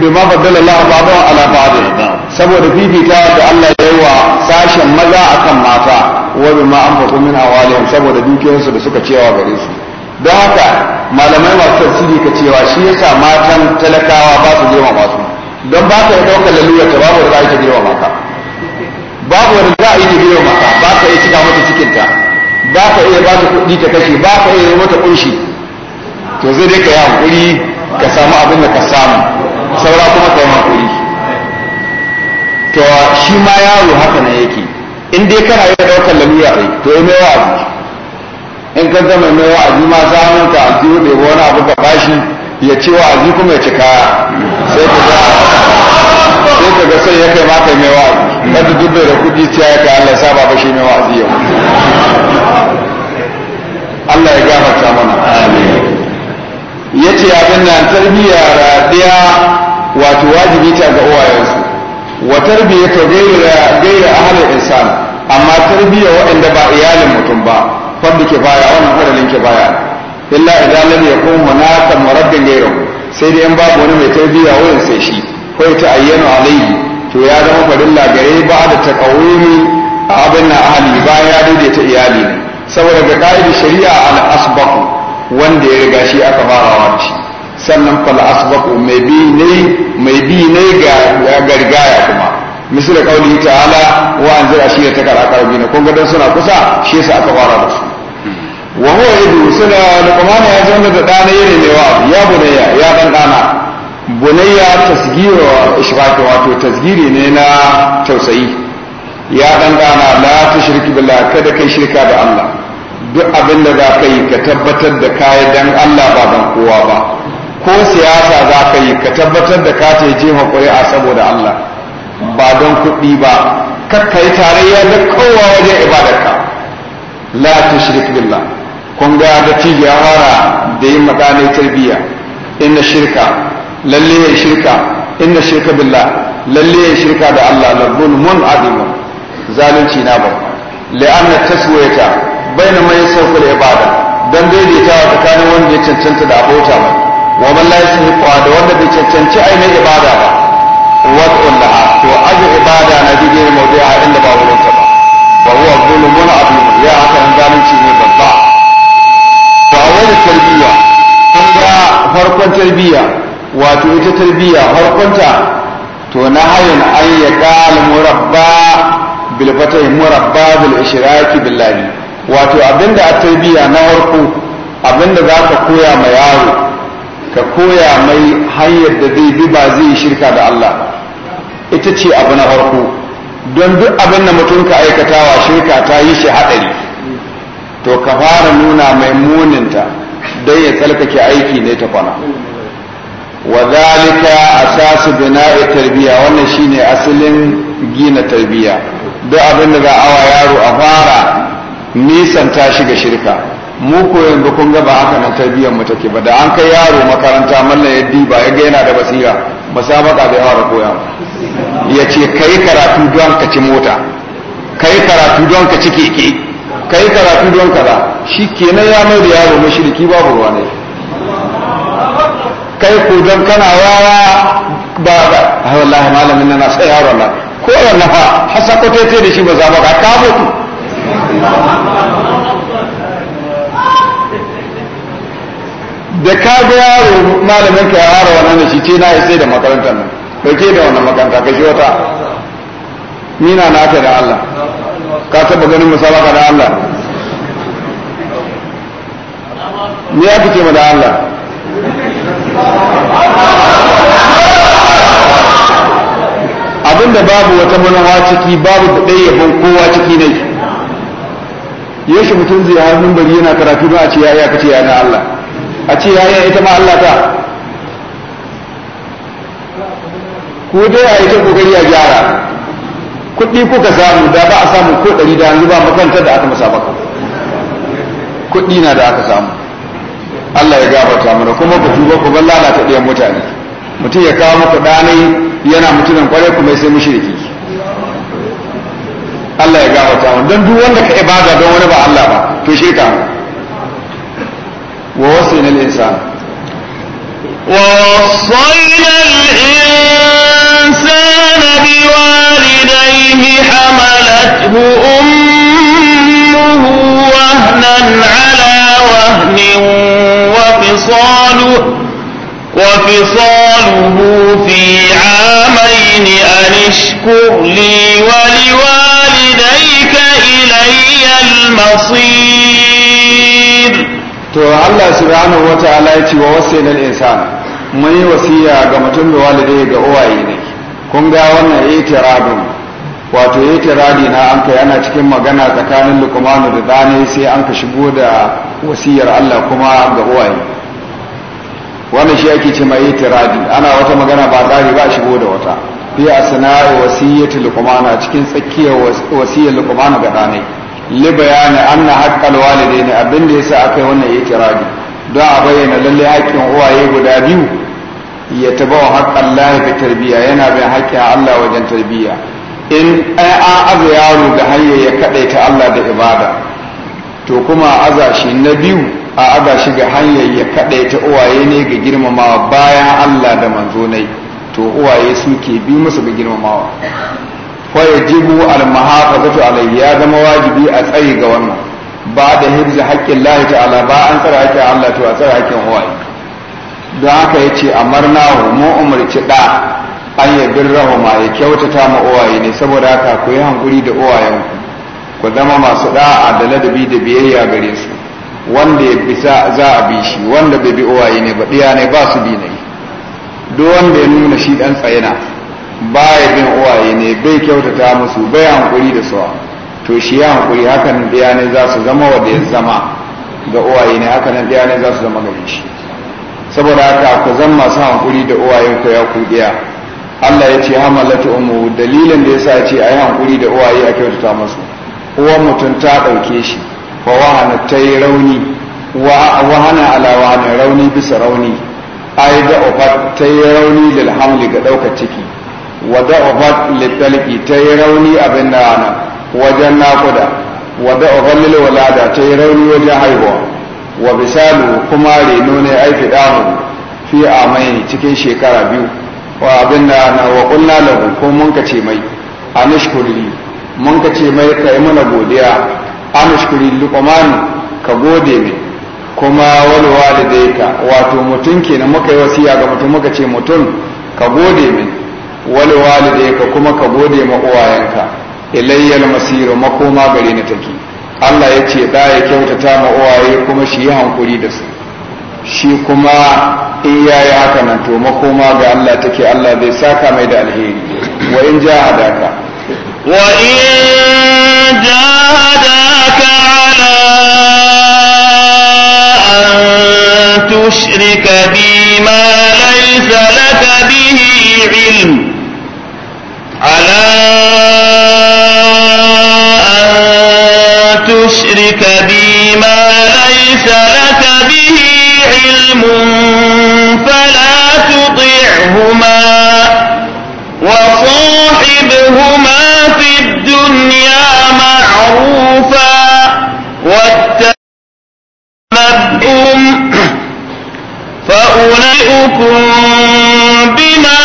بما بدل الله بعضهم على بعض saboda fifita da Allah ya yi wa sashen maza akan mata wa bima anfaqu min awalihim saboda dukiyarsu da suka cewa gare su don haka malamai masu tafsiri ka cewa shi yasa matan talakawa ba su girma masu don ba ka yi ɗaukar lalura ta babu da za ta girma maka babu wani za a yi girma maka ba ka iya cika mata cikinta ba ka iya ba ta kuɗi ta kashe ba ka iya mata kunshi to zai dai ka yi hankuri ka samu abin da ka samu saura kuma ka yi hankuri to shi ma yaro haka na yake in dai kana yi ɗaukar lalura to yi mai wa'azi in ka zama mai wa'azi ma za mu a kiwo da wani abu ka bashi ya ce wa'azi kuma ya cika sai ka ga sai ka ga ya kai maka mai wa'azi kada dubbe da kuɗi sai ya kai Allah saba ba shi mai wa'azi yau Allah ya gafarta mana yace abin nan tarbiya radiya wato wajibi ta ga uwayensu wa tarbiya ta gaira gaira ahlul insan amma tarbiya waɗanda ba iyalin mutum ba ke kifaya wannan faralin kifaya illa idan lam yakun munasan muraddin gairu sai dai in babu wani mai tarbiya wurin sai shi ko ta ayyana alayhi to ya zama farilla gare ba da taqawumi a abin na ahli bayan ya daidaita iyali ne saboda ga ka'idar shari'a al asbaq wanda ya riga shi aka farawa da sannan fal asbaq mai bi ne mai bi ne ga gargaya kuma misali kauli ta'ala wa anzira shi ta kala ne kun ga dan suna kusa shi yasa aka fara da su wa huwa yadu suna luqman ya zama da dana yare ne wa ya bunayya ya dan dana bunayya tasgiru ishbaki wato tasgiri ne na tausayi ya dan dana la tushriki billah kada kai shirka da Allah duk abin da za ka yi ka tabbatar da kayi dan Allah ba dan kowa ba ko siyasa za ka yi ka tabbatar da ka ta jefa a saboda Allah ba don kuɗi ba kakka yi tarayya da kowa wajen ibadarka la tushrik billah kun ga da a fara da yin maganar tarbiyya inna shirka lalle ya shirka inna shirka billah lalle ya shirka da Allah labbun mun azimun zalunci na ba la'anna taswiyata baina mai saukul ibada dan daidaitawa tsakanin wanda ya cancanta da abota ba, wa man la yasbiqu da wanda bai cancanci ainihin ibada ba wad'un laha to azu ibada na bidiyar mawdu'a inda ba wurin ta ba wa huwa zulmun azim ya hakan zalunci ne babba farkon tarbiyya wato ita tarbiyya farkonta to na hayan an ya qal murabba bil fatah murabba bil ishraki billahi wato abinda a tarbiyya na farko abinda za ka koya ma yaro ka koya mai hanyar da zai bi ba zai shirka da Allah ita ce abu na farko don duk abin da mutum ka aikatawa shirka ta yi shi hadari to ka fara nuna mai muninta dai ya tsarkake aiki ne ta kwana wa zalika asasu bina'i tarbiya wannan shine asalin gina tarbiya duk abinda da za a wa yaro a fara nisan ta shiga shirka mu ko yanzu kun ga ba haka na tarbiyyar mu take ba da an kai yaro makaranta mallan ya diba ya ga yana da basira musabaka da yawa koya ya ce kai karatu don ka ci mota kai karatu don ka ci keke ka yi karatu don kaza shi kenan ya mai da yaro mashiriki babu ruwa ne kai ko don kana yara ba ba wallahi malamin nan na sai yaro na ko wannan fa hasa ko tete da shi ba za ba ka ka mutu da ka ga yaro malamin ka yaro wannan da shi ce na sai da makarantar nan ke da wannan makaranta ka shi wata mina na ta da Allah ka taba ganin musabaka da Allah me ya kike ma da Allah abinda babu wata manawa ciki babu da ɗaya yabon kowa ciki ne yaushe mutum zai mun bari yana karatu ba a ce yaya kace ya na Allah a ce yaya ita ma Allah ta ko dai a yi ta kokari a gyara kuɗi kuka samu da ba a samu ko ɗari da yanzu ba makarantar da aka masa ba kuɗi na da aka samu Allah ya gafarta mana kuma ku tuba ku bar lalata ɗiyan mutane mutum ya kawo muku ɗanai yana mutumin ku kuma sai mushriki Allah ya gafarta mana don duk wanda ka ibada don wani ba Allah ba to ka wa wasu inal insani wa wasu inal الإنسان بوالديه حملته أمه وهنا على وهن وفصاله وفصاله في عامين أن اشكر لي ولوالديك إلي المصير to Allah subhanahu wa ta'ala ya ce wa wasainal insana mun yi wasiya ga mutum da walidai ga uwaye ne kun ga wannan itiradun wato itiradi na an kai ana cikin magana tsakanin lukumanu da dane sai an ka shigo da wasiyar Allah kuma ga uwaye wannan shi ake ce itiradi ana wata magana ba tsari ba shigo da wata fi asna'i wasiyyati lukumana cikin tsakiyar wasiyar lukumana ga dane li bayani anna haqqal walidaini abinda yasa akai wannan itiradi don a bayyana lallai haƙƙin uwaye guda biyu ya taba wa haƙƙan da tarbiyya yana bin a Allah wajen tarbiyya in ai an aza yaro ga hanyar ya kaɗaita Allah da ibada to kuma aza shi na biyu a aza shi ga hanyar ya kaɗaita uwaye ne ga girmamawa bayan Allah da manzonai to uwaye suke bi musu ga girmamawa fa yajibu al-muhafazatu alayhi ya zama wajibi a tsayi ga wannan ba da hibzi haƙƙin lahi ta'ala ba an tsara haƙƙin Allah to a tsara haƙƙin uwaye don haka ya ce a amarnahu mu umarci ɗa an yi ma ya kyautata ma uwaye ne saboda haka ku yi hankuri da uwayenku ku zama masu dala da ladabi da biyayya gare su wanda ya bi za a bi shi wanda bai bi uwaye ne ba ɗiya ne ba su bi ne duk wanda ya nuna shi ɗan tsayina ba ya bin uwaye ne bai kyautata musu bai hankuri da su to shi ya hankuri hakan ɗiya ne za su zama wanda ya zama ga uwaye ne hakan ɗiya ne za su zama gare shi saboda haka ku zan masu hankuri da uwayen ku ya kudiya Allah ya ce hamalatu ummu dalilin da yasa ce ayi hankuri da uwaye a kyautata musu uwan mutum ta dauke shi fa wahana tai rauni wa wahana ala wahana rauni bisa rauni ai da ufat tai rauni lil hamli ga dauka ciki wa da ufat lil talqi tai rauni abin da wajen nakuda wa da ufat lil walada tayi rauni wajen haihuwa wa bisalu kuma reno ne aiki fidahu fi amai cikin shekara biyu wa abin da na wa kunna ko mun ka ce mai anishkuri mun ka ce mai ka yi mana godiya anishkuri luqman ka gode mai kuma wani wal ka wato mutum kenan muka yi wasiya ga mutum muka ce mutum ka gode mai wal ka kuma ka gode ma uwayenka ilayyar masiru makoma gare ni take Allah ya ce ba ya kyautata ma uwaye kuma shi yi hankuri da su shi kuma in ya yi haka nan to makoma ga Allah take Allah zai saka mai da alheri wa in ja hadaka wa in ja hadaka ala an tushrika bi ma laysa laka bihi ilm ala نبلوكم بما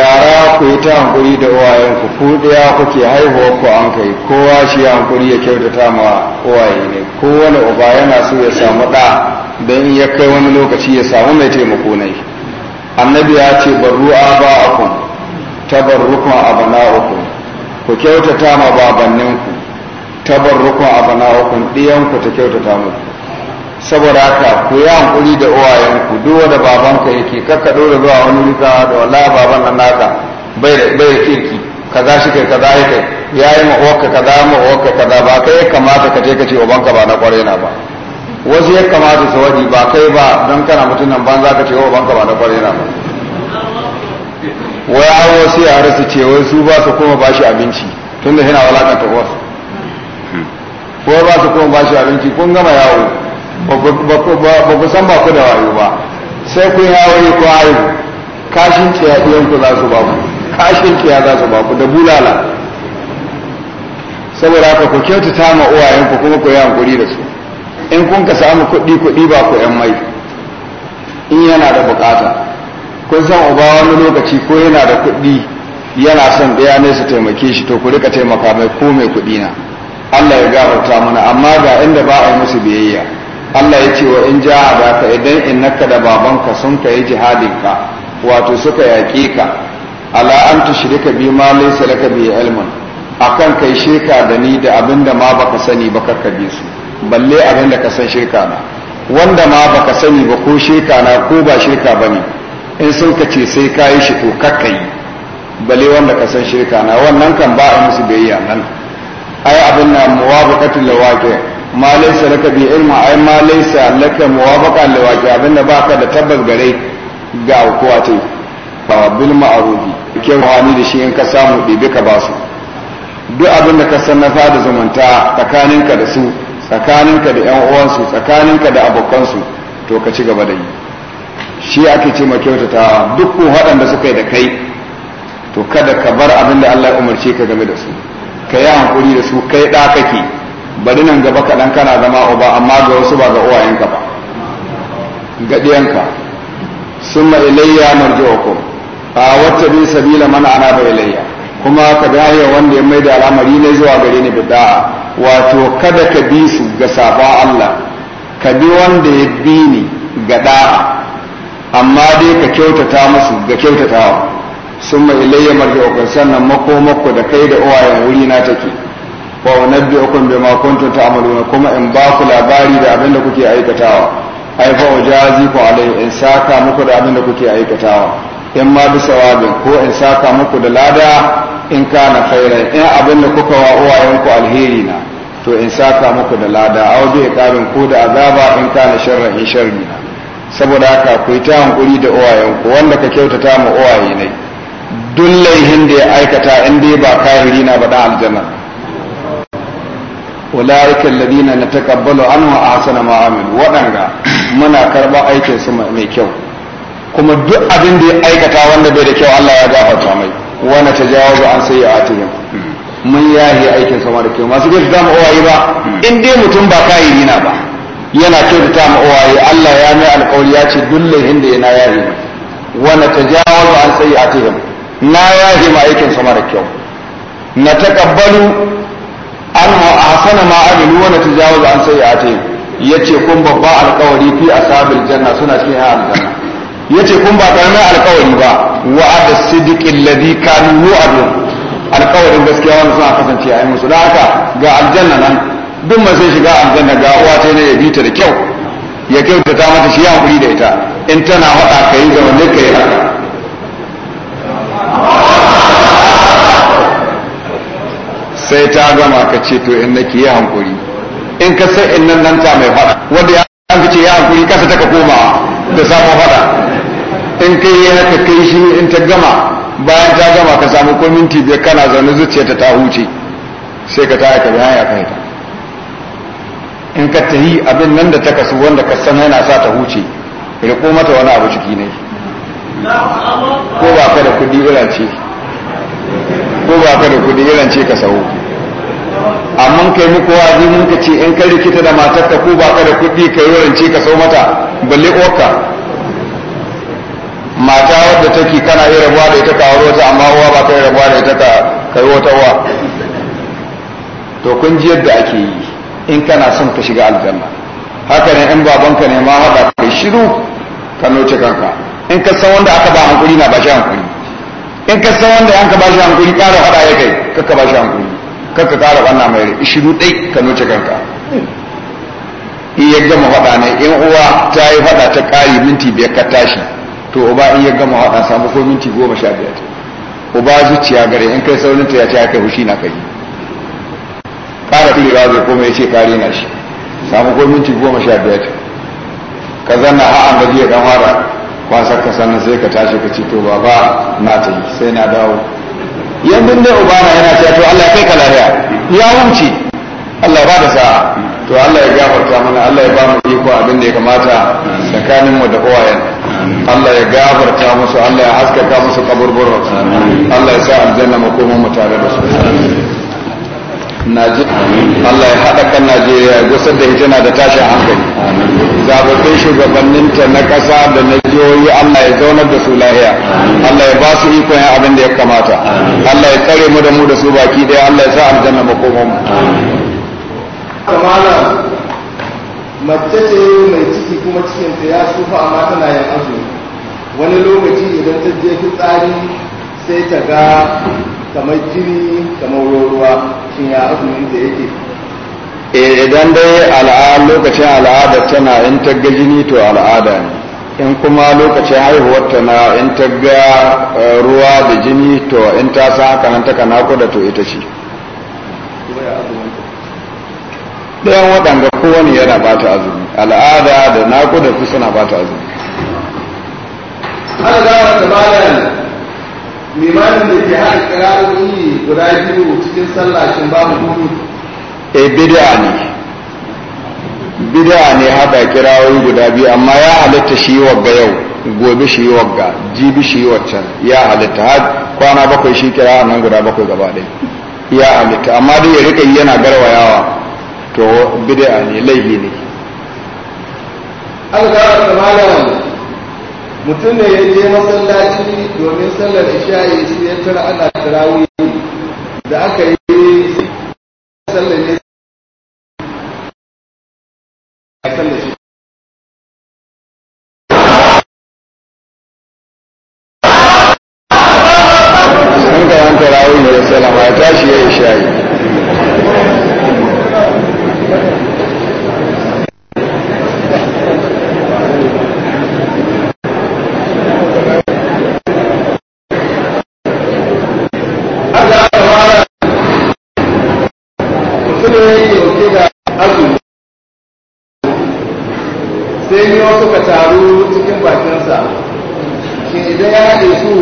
yara ku yi ta hankuri da uwayenku ku ɗaya kuke haihuwa ku an kai hankuri ya kyautata ma uwaye ne kowane uba yana so ya samu ɗa don ya kai wani lokaci ya samu mai taimako ne annabi ya ce barru'a ba akun tabarrukun uku ku kyautata ma babanninku tabarruku abana'ukum diyan ku ta kyautata muku saboda haka ku yi hankuri da uwayenku duk wanda babanka yake kakka dole zuwa wani rika da wallahi baban nan naka bai da kirki kaza shi kai kaza yake yayi ma uwarka kaza ma uwarka kaza ba kai ya kamata ka je ka ce ubanka ba na kware na ba wasu ya kamata su waje ba kai ba don kana mutumin banza ka ce ubanka ba na kware na ba wai an wasu ya su ce wai su ba su kuma ba shi abinci tunda yana walakanta wasu ko ba su kuma ba shi abinci kun gama yawo ba ku san ba ku da wayo ba sai kun yawo ne ku hayo kashin ciya ɗiyanku za su ba ku kashin ciya za su ba ku da bulala saboda haka ku kyautata ma uwayenku kuma ku yi hankuri da su in kun ka samu kuɗi kuɗi ba ku ‘yan mai in yana da bukata kun san uba wani lokaci ko yana da kuɗi yana son ɗaya ne su taimake shi to ku rika taimaka mai ko mai kuɗi na Allah ya gafarta mana amma ga inda ba a yi musu biyayya Allah ya ce wa in ja da ka idan innaka da babanka sun ka yi jihadin ka wato suka yake ka ala an tushrika bi ma laysa laka bi ilmun akan kai shirka da ni da abinda ma baka sani ba ka bi su balle abinda ka san shirka na wanda ma baka sani ba ko shirka na ko ba shirka bane in sun ka ce sai ka yi shi to kakka yi balle wanda ka san shirka na wannan kan ba a musu biyayya nan ai abin na muwafaqatul lawaqi ma laysa laka bi ilma ai ma laysa laka muwafaqa lawaqi abin da baka da tabbas gare ga kowa ta ba bil ma'rufi ke wani da shi in ka samu bibi ka ba su duk abin da ka san na fada zumunta tsakaninka da su tsakaninka da yan uwansu tsakaninka da abokansu to ka ci gaba da yi shi ake ce ma kyautata duk waɗanda suka yi da kai to kada ka bar abin da Allah ya umarce ka game da su ka yi hankuri da su kai ɗa kake bari nan gaba kaɗan kana zama uba amma ga wasu ba ga uwayenka ba ga ɗiyanka ma ilayya marji'ukum a wata bi sabila mana ana ba ilayya kuma ka hanyar wanda ya mai da al'amari ne zuwa gare ni da'a wato kada ka bi su ga safa Allah ka bi wanda ya bi ni ga da'a amma dai ka kyautata musu ga kyautatawa sun mai layya marji'ukun sannan makomakku da kai da uwayen wuri na take wa unabbi'ukum bima kuntum ta'maluna kuma in ba ku labari da abin da kuke aikatawa ai jazi ku alai in ka muku da abin da kuke aikatawa in ma bi sawabin ko in saka muku da lada in kana khairan in abin da kuka wa ku alheri na to in saka muku da lada aw bi qarin ko da azaba in kana sharran in sharri saboda haka ku yi ta hankuri da uwayenku wanda ka kyautata ma uwaye ne duk laihin da ya aikata in dai ba kahiri na baɗa aljanna ulaika alladhina natakabbalu anhu ahsana ma amil Waɗanda muna karɓa aikin su mai kyau kuma duk abin da ya aikata wanda bai da kyau Allah ya gafarta mai wanda ta jawazu an sai ya mun yahi aikin sa da kyau masu kyautata mu uwaye ba in dai mutum ba kahiri na ba yana kyautata mu uwaye Allah ya mai alƙawari ya ce duk laihin da yana yahi wa wanda ta jawazu an sai na yafe ma sama mara kyau na takabbalu an hasana ma amilu wa da an a Ya yace kun babba alƙawari fi asabil janna suna cikin aljanna yace kun ba karamin alƙawari ba wa'ada sidiqil ladhi kanu yu'adun alƙawarin gaskiya wanda suna kasance a musu da haka ga aljanna nan duk mai sai shiga aljanna ga uwa ta ne ya bi ta da kyau ya kyautata mata shi ya hakuri da ita in tana faɗa kai ga ka kai haka sai ta gama ka ce to in nake yi hankuri in ka san in nan ta mai fada wanda ya an ce ya hankuri kasa ta ka koma da samu fada in kai yi haka kai shi in ta gama bayan ta gama ka samu ko minti biyar kana zaune zuciyarta ta huce sai ka taya ka bayan ya kai ta in ka tahi abin nan da ta kasu wanda ka san yana sa ta huce ko mata wani abu ciki ne ko ba ka da kuɗi irin ce ko ba ka da kuɗi irin ce ka amma kai muku wa'azi mun ka ce in ka rikita da matarka ko ba ka da kuɗi ka yi rance ka sau mata balle oka mata wadda take kana yi rabuwa da ita ka aure ta amma uwa ba ka yi rabuwa da ita ka kai wata uwa to kun ji yadda ake yi in kana son ka shiga aljanna haka ne in babanka ne ma haɗa ka shiru ka noce kanka in ka san wanda aka ba hankuri na ba shi hankuri in ka san wanda yanka ba shi hankuri ƙara haɗa ya kai ka ba shi hankuri ka kara wannan mai shiru dai ka noce kanka in ya gama faɗa ne in uwa ta yi faɗa ta ƙari minti biyar ka tashi to uba in ya gama faɗa samu ko minti goma sha biyar uba zuciya gare in kai saurin ta ya ce kai hushi na kai ƙara ɗirewa zai koma ya ce kare na shi samu ko minti goma sha biyar ka zanna ha'an da jiya ɗan fara kwasar ka sannan sai ka tashi ka ce to baba na ta yi sai na dawo yanzu dai uba na yana ce to Allah kai ya wuce Allah ba da sa'a to Allah ya gafarta mana Allah ya ba mu iko abin da ya kamata tsakanin mu da kowa Allah ya gafarta musu Allah ya haskaka musu kaburburwa Allah ya sa aljanna koma mu tare da su Allah ya haɗa kan Najeriya ya gusar da na da tashin hankali zababbin shugabanninta na ƙasa da na jihohi Allah ya zaunar da su lahiya Allah ya ba su ikon yin abin da ya kamata Allah ya tsare mu da mu da su baki ɗaya Allah ya sa aljanna makoman mu kamala mace ce mai ciki kuma cikin ta ya tsufa amma tana yin azumi wani lokaci idan ta je fitsari sai ta ga kamar jini kamar ruwa shin ya azumin da yake Eh, idan dai al'ada lokacin al'ada tana in ta ga jini to al'ada ne in kuma lokacin haihuwar tana in ta ga eh, ruwa da jini to in ta sa haka nan ta kana kuda to ita ce ɗayan waɗanda kowane yana ba ta azumi al'ada da naƙuda su suna ba ta azumi Har za ta bayan limanin da ke haɗa ƙirarun guda biyu cikin sallacin babu hudu e bid'a ne bid'a ne haɗa kirawoyi guda biyu amma ya halitta shi wagga yau gobe shi wagga jibi shi waccan ya halitta har kwana bakwai shi kira nan guda bakwai gaba ɗaya ya halitta amma dai ya riƙa yana garwayawa to bid'a ne laifi ne alƙawar malam mutum ne ya je masallaci domin sallar isha'i sai ya tara ana tarawih da aka yi sallar ne 是。taru cikin bakinsa shi idan ya haɗe su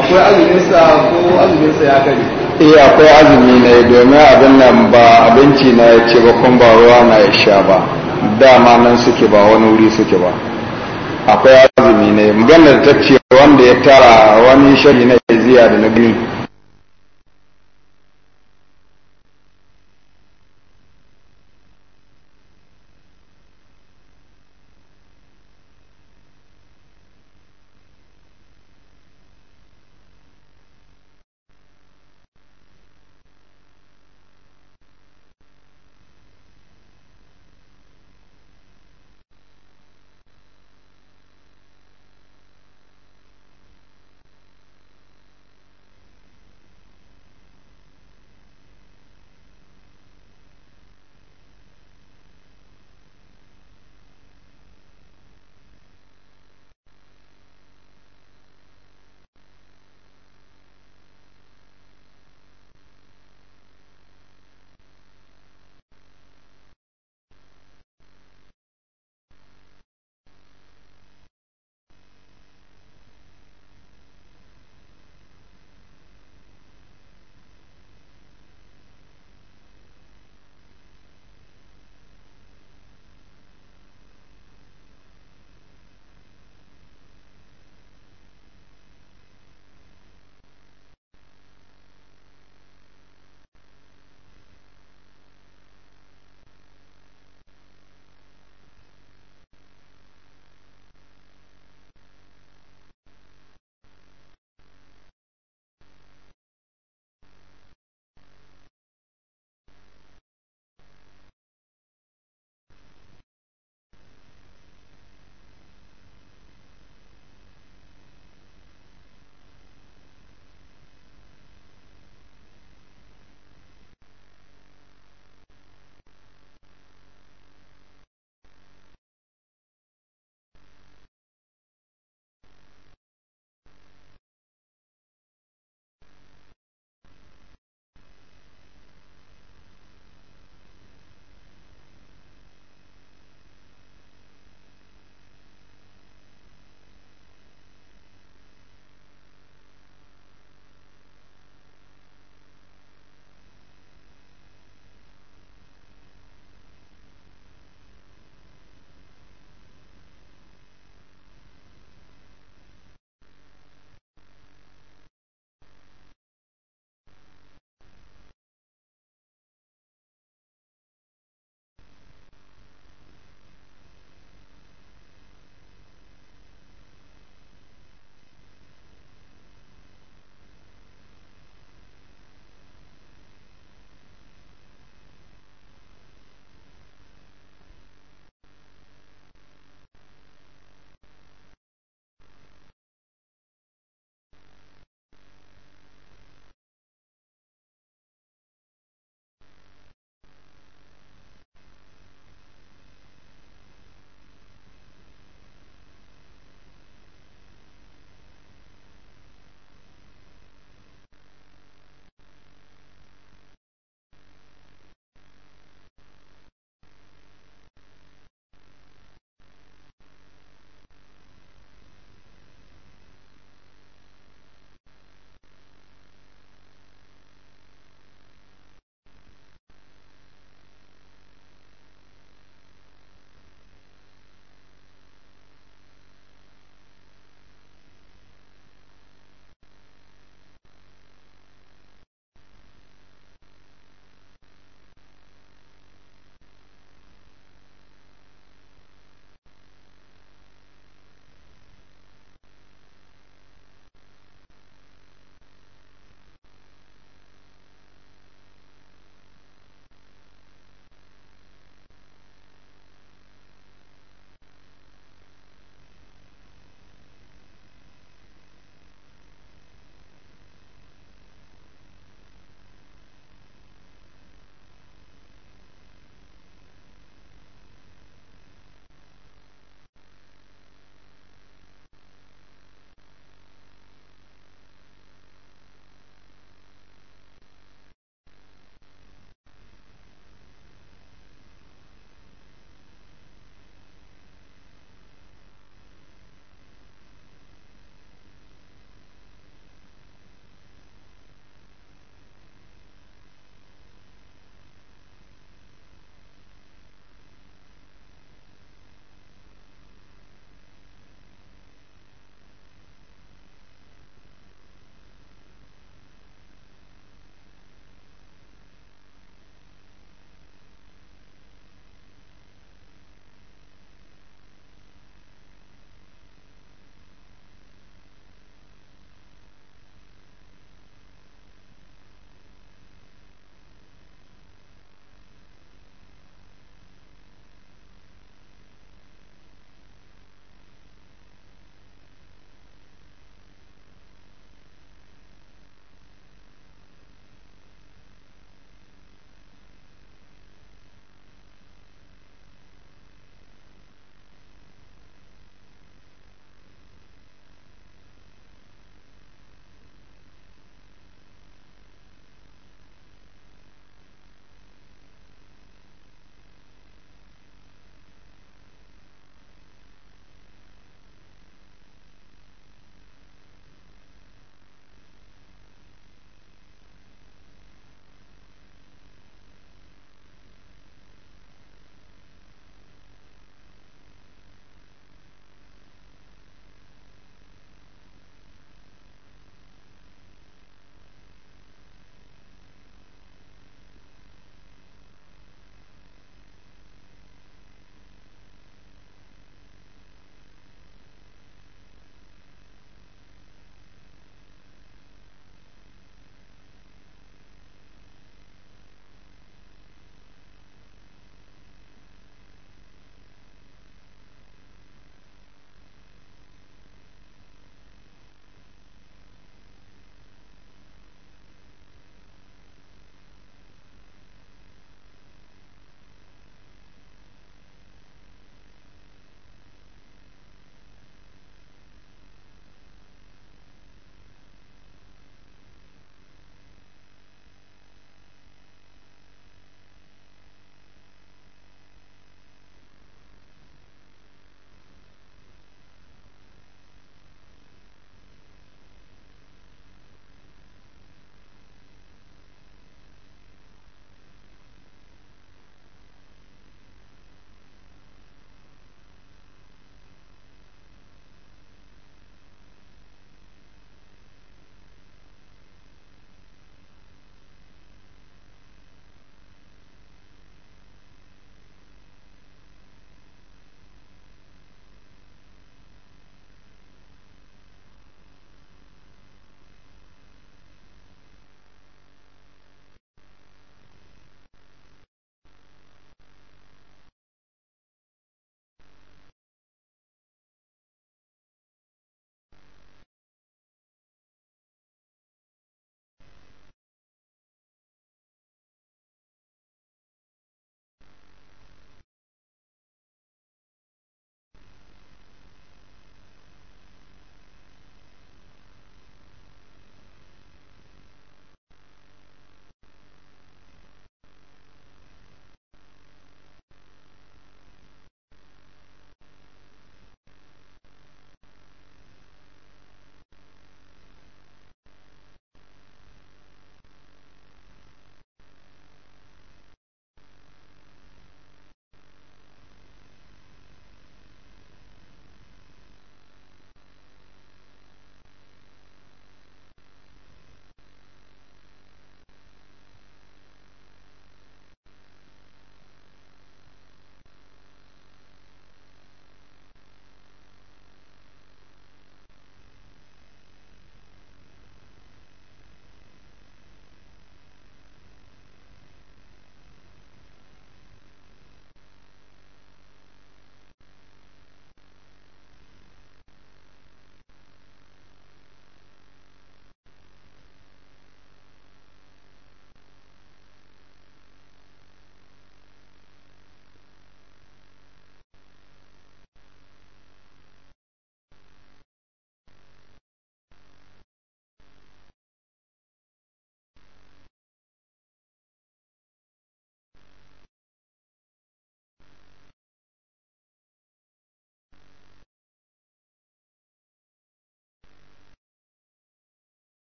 akwai azuminsa ko azuminsa ya kare iya eh, akwai azumi ne domin abin nan ba abinci na ya ce ba kun ba ruwa na ya sha ba dama nan suke ba wani wuri suke ba akwai azumi ne maganar ta ce wanda ya tara wani shari na ziya da na gani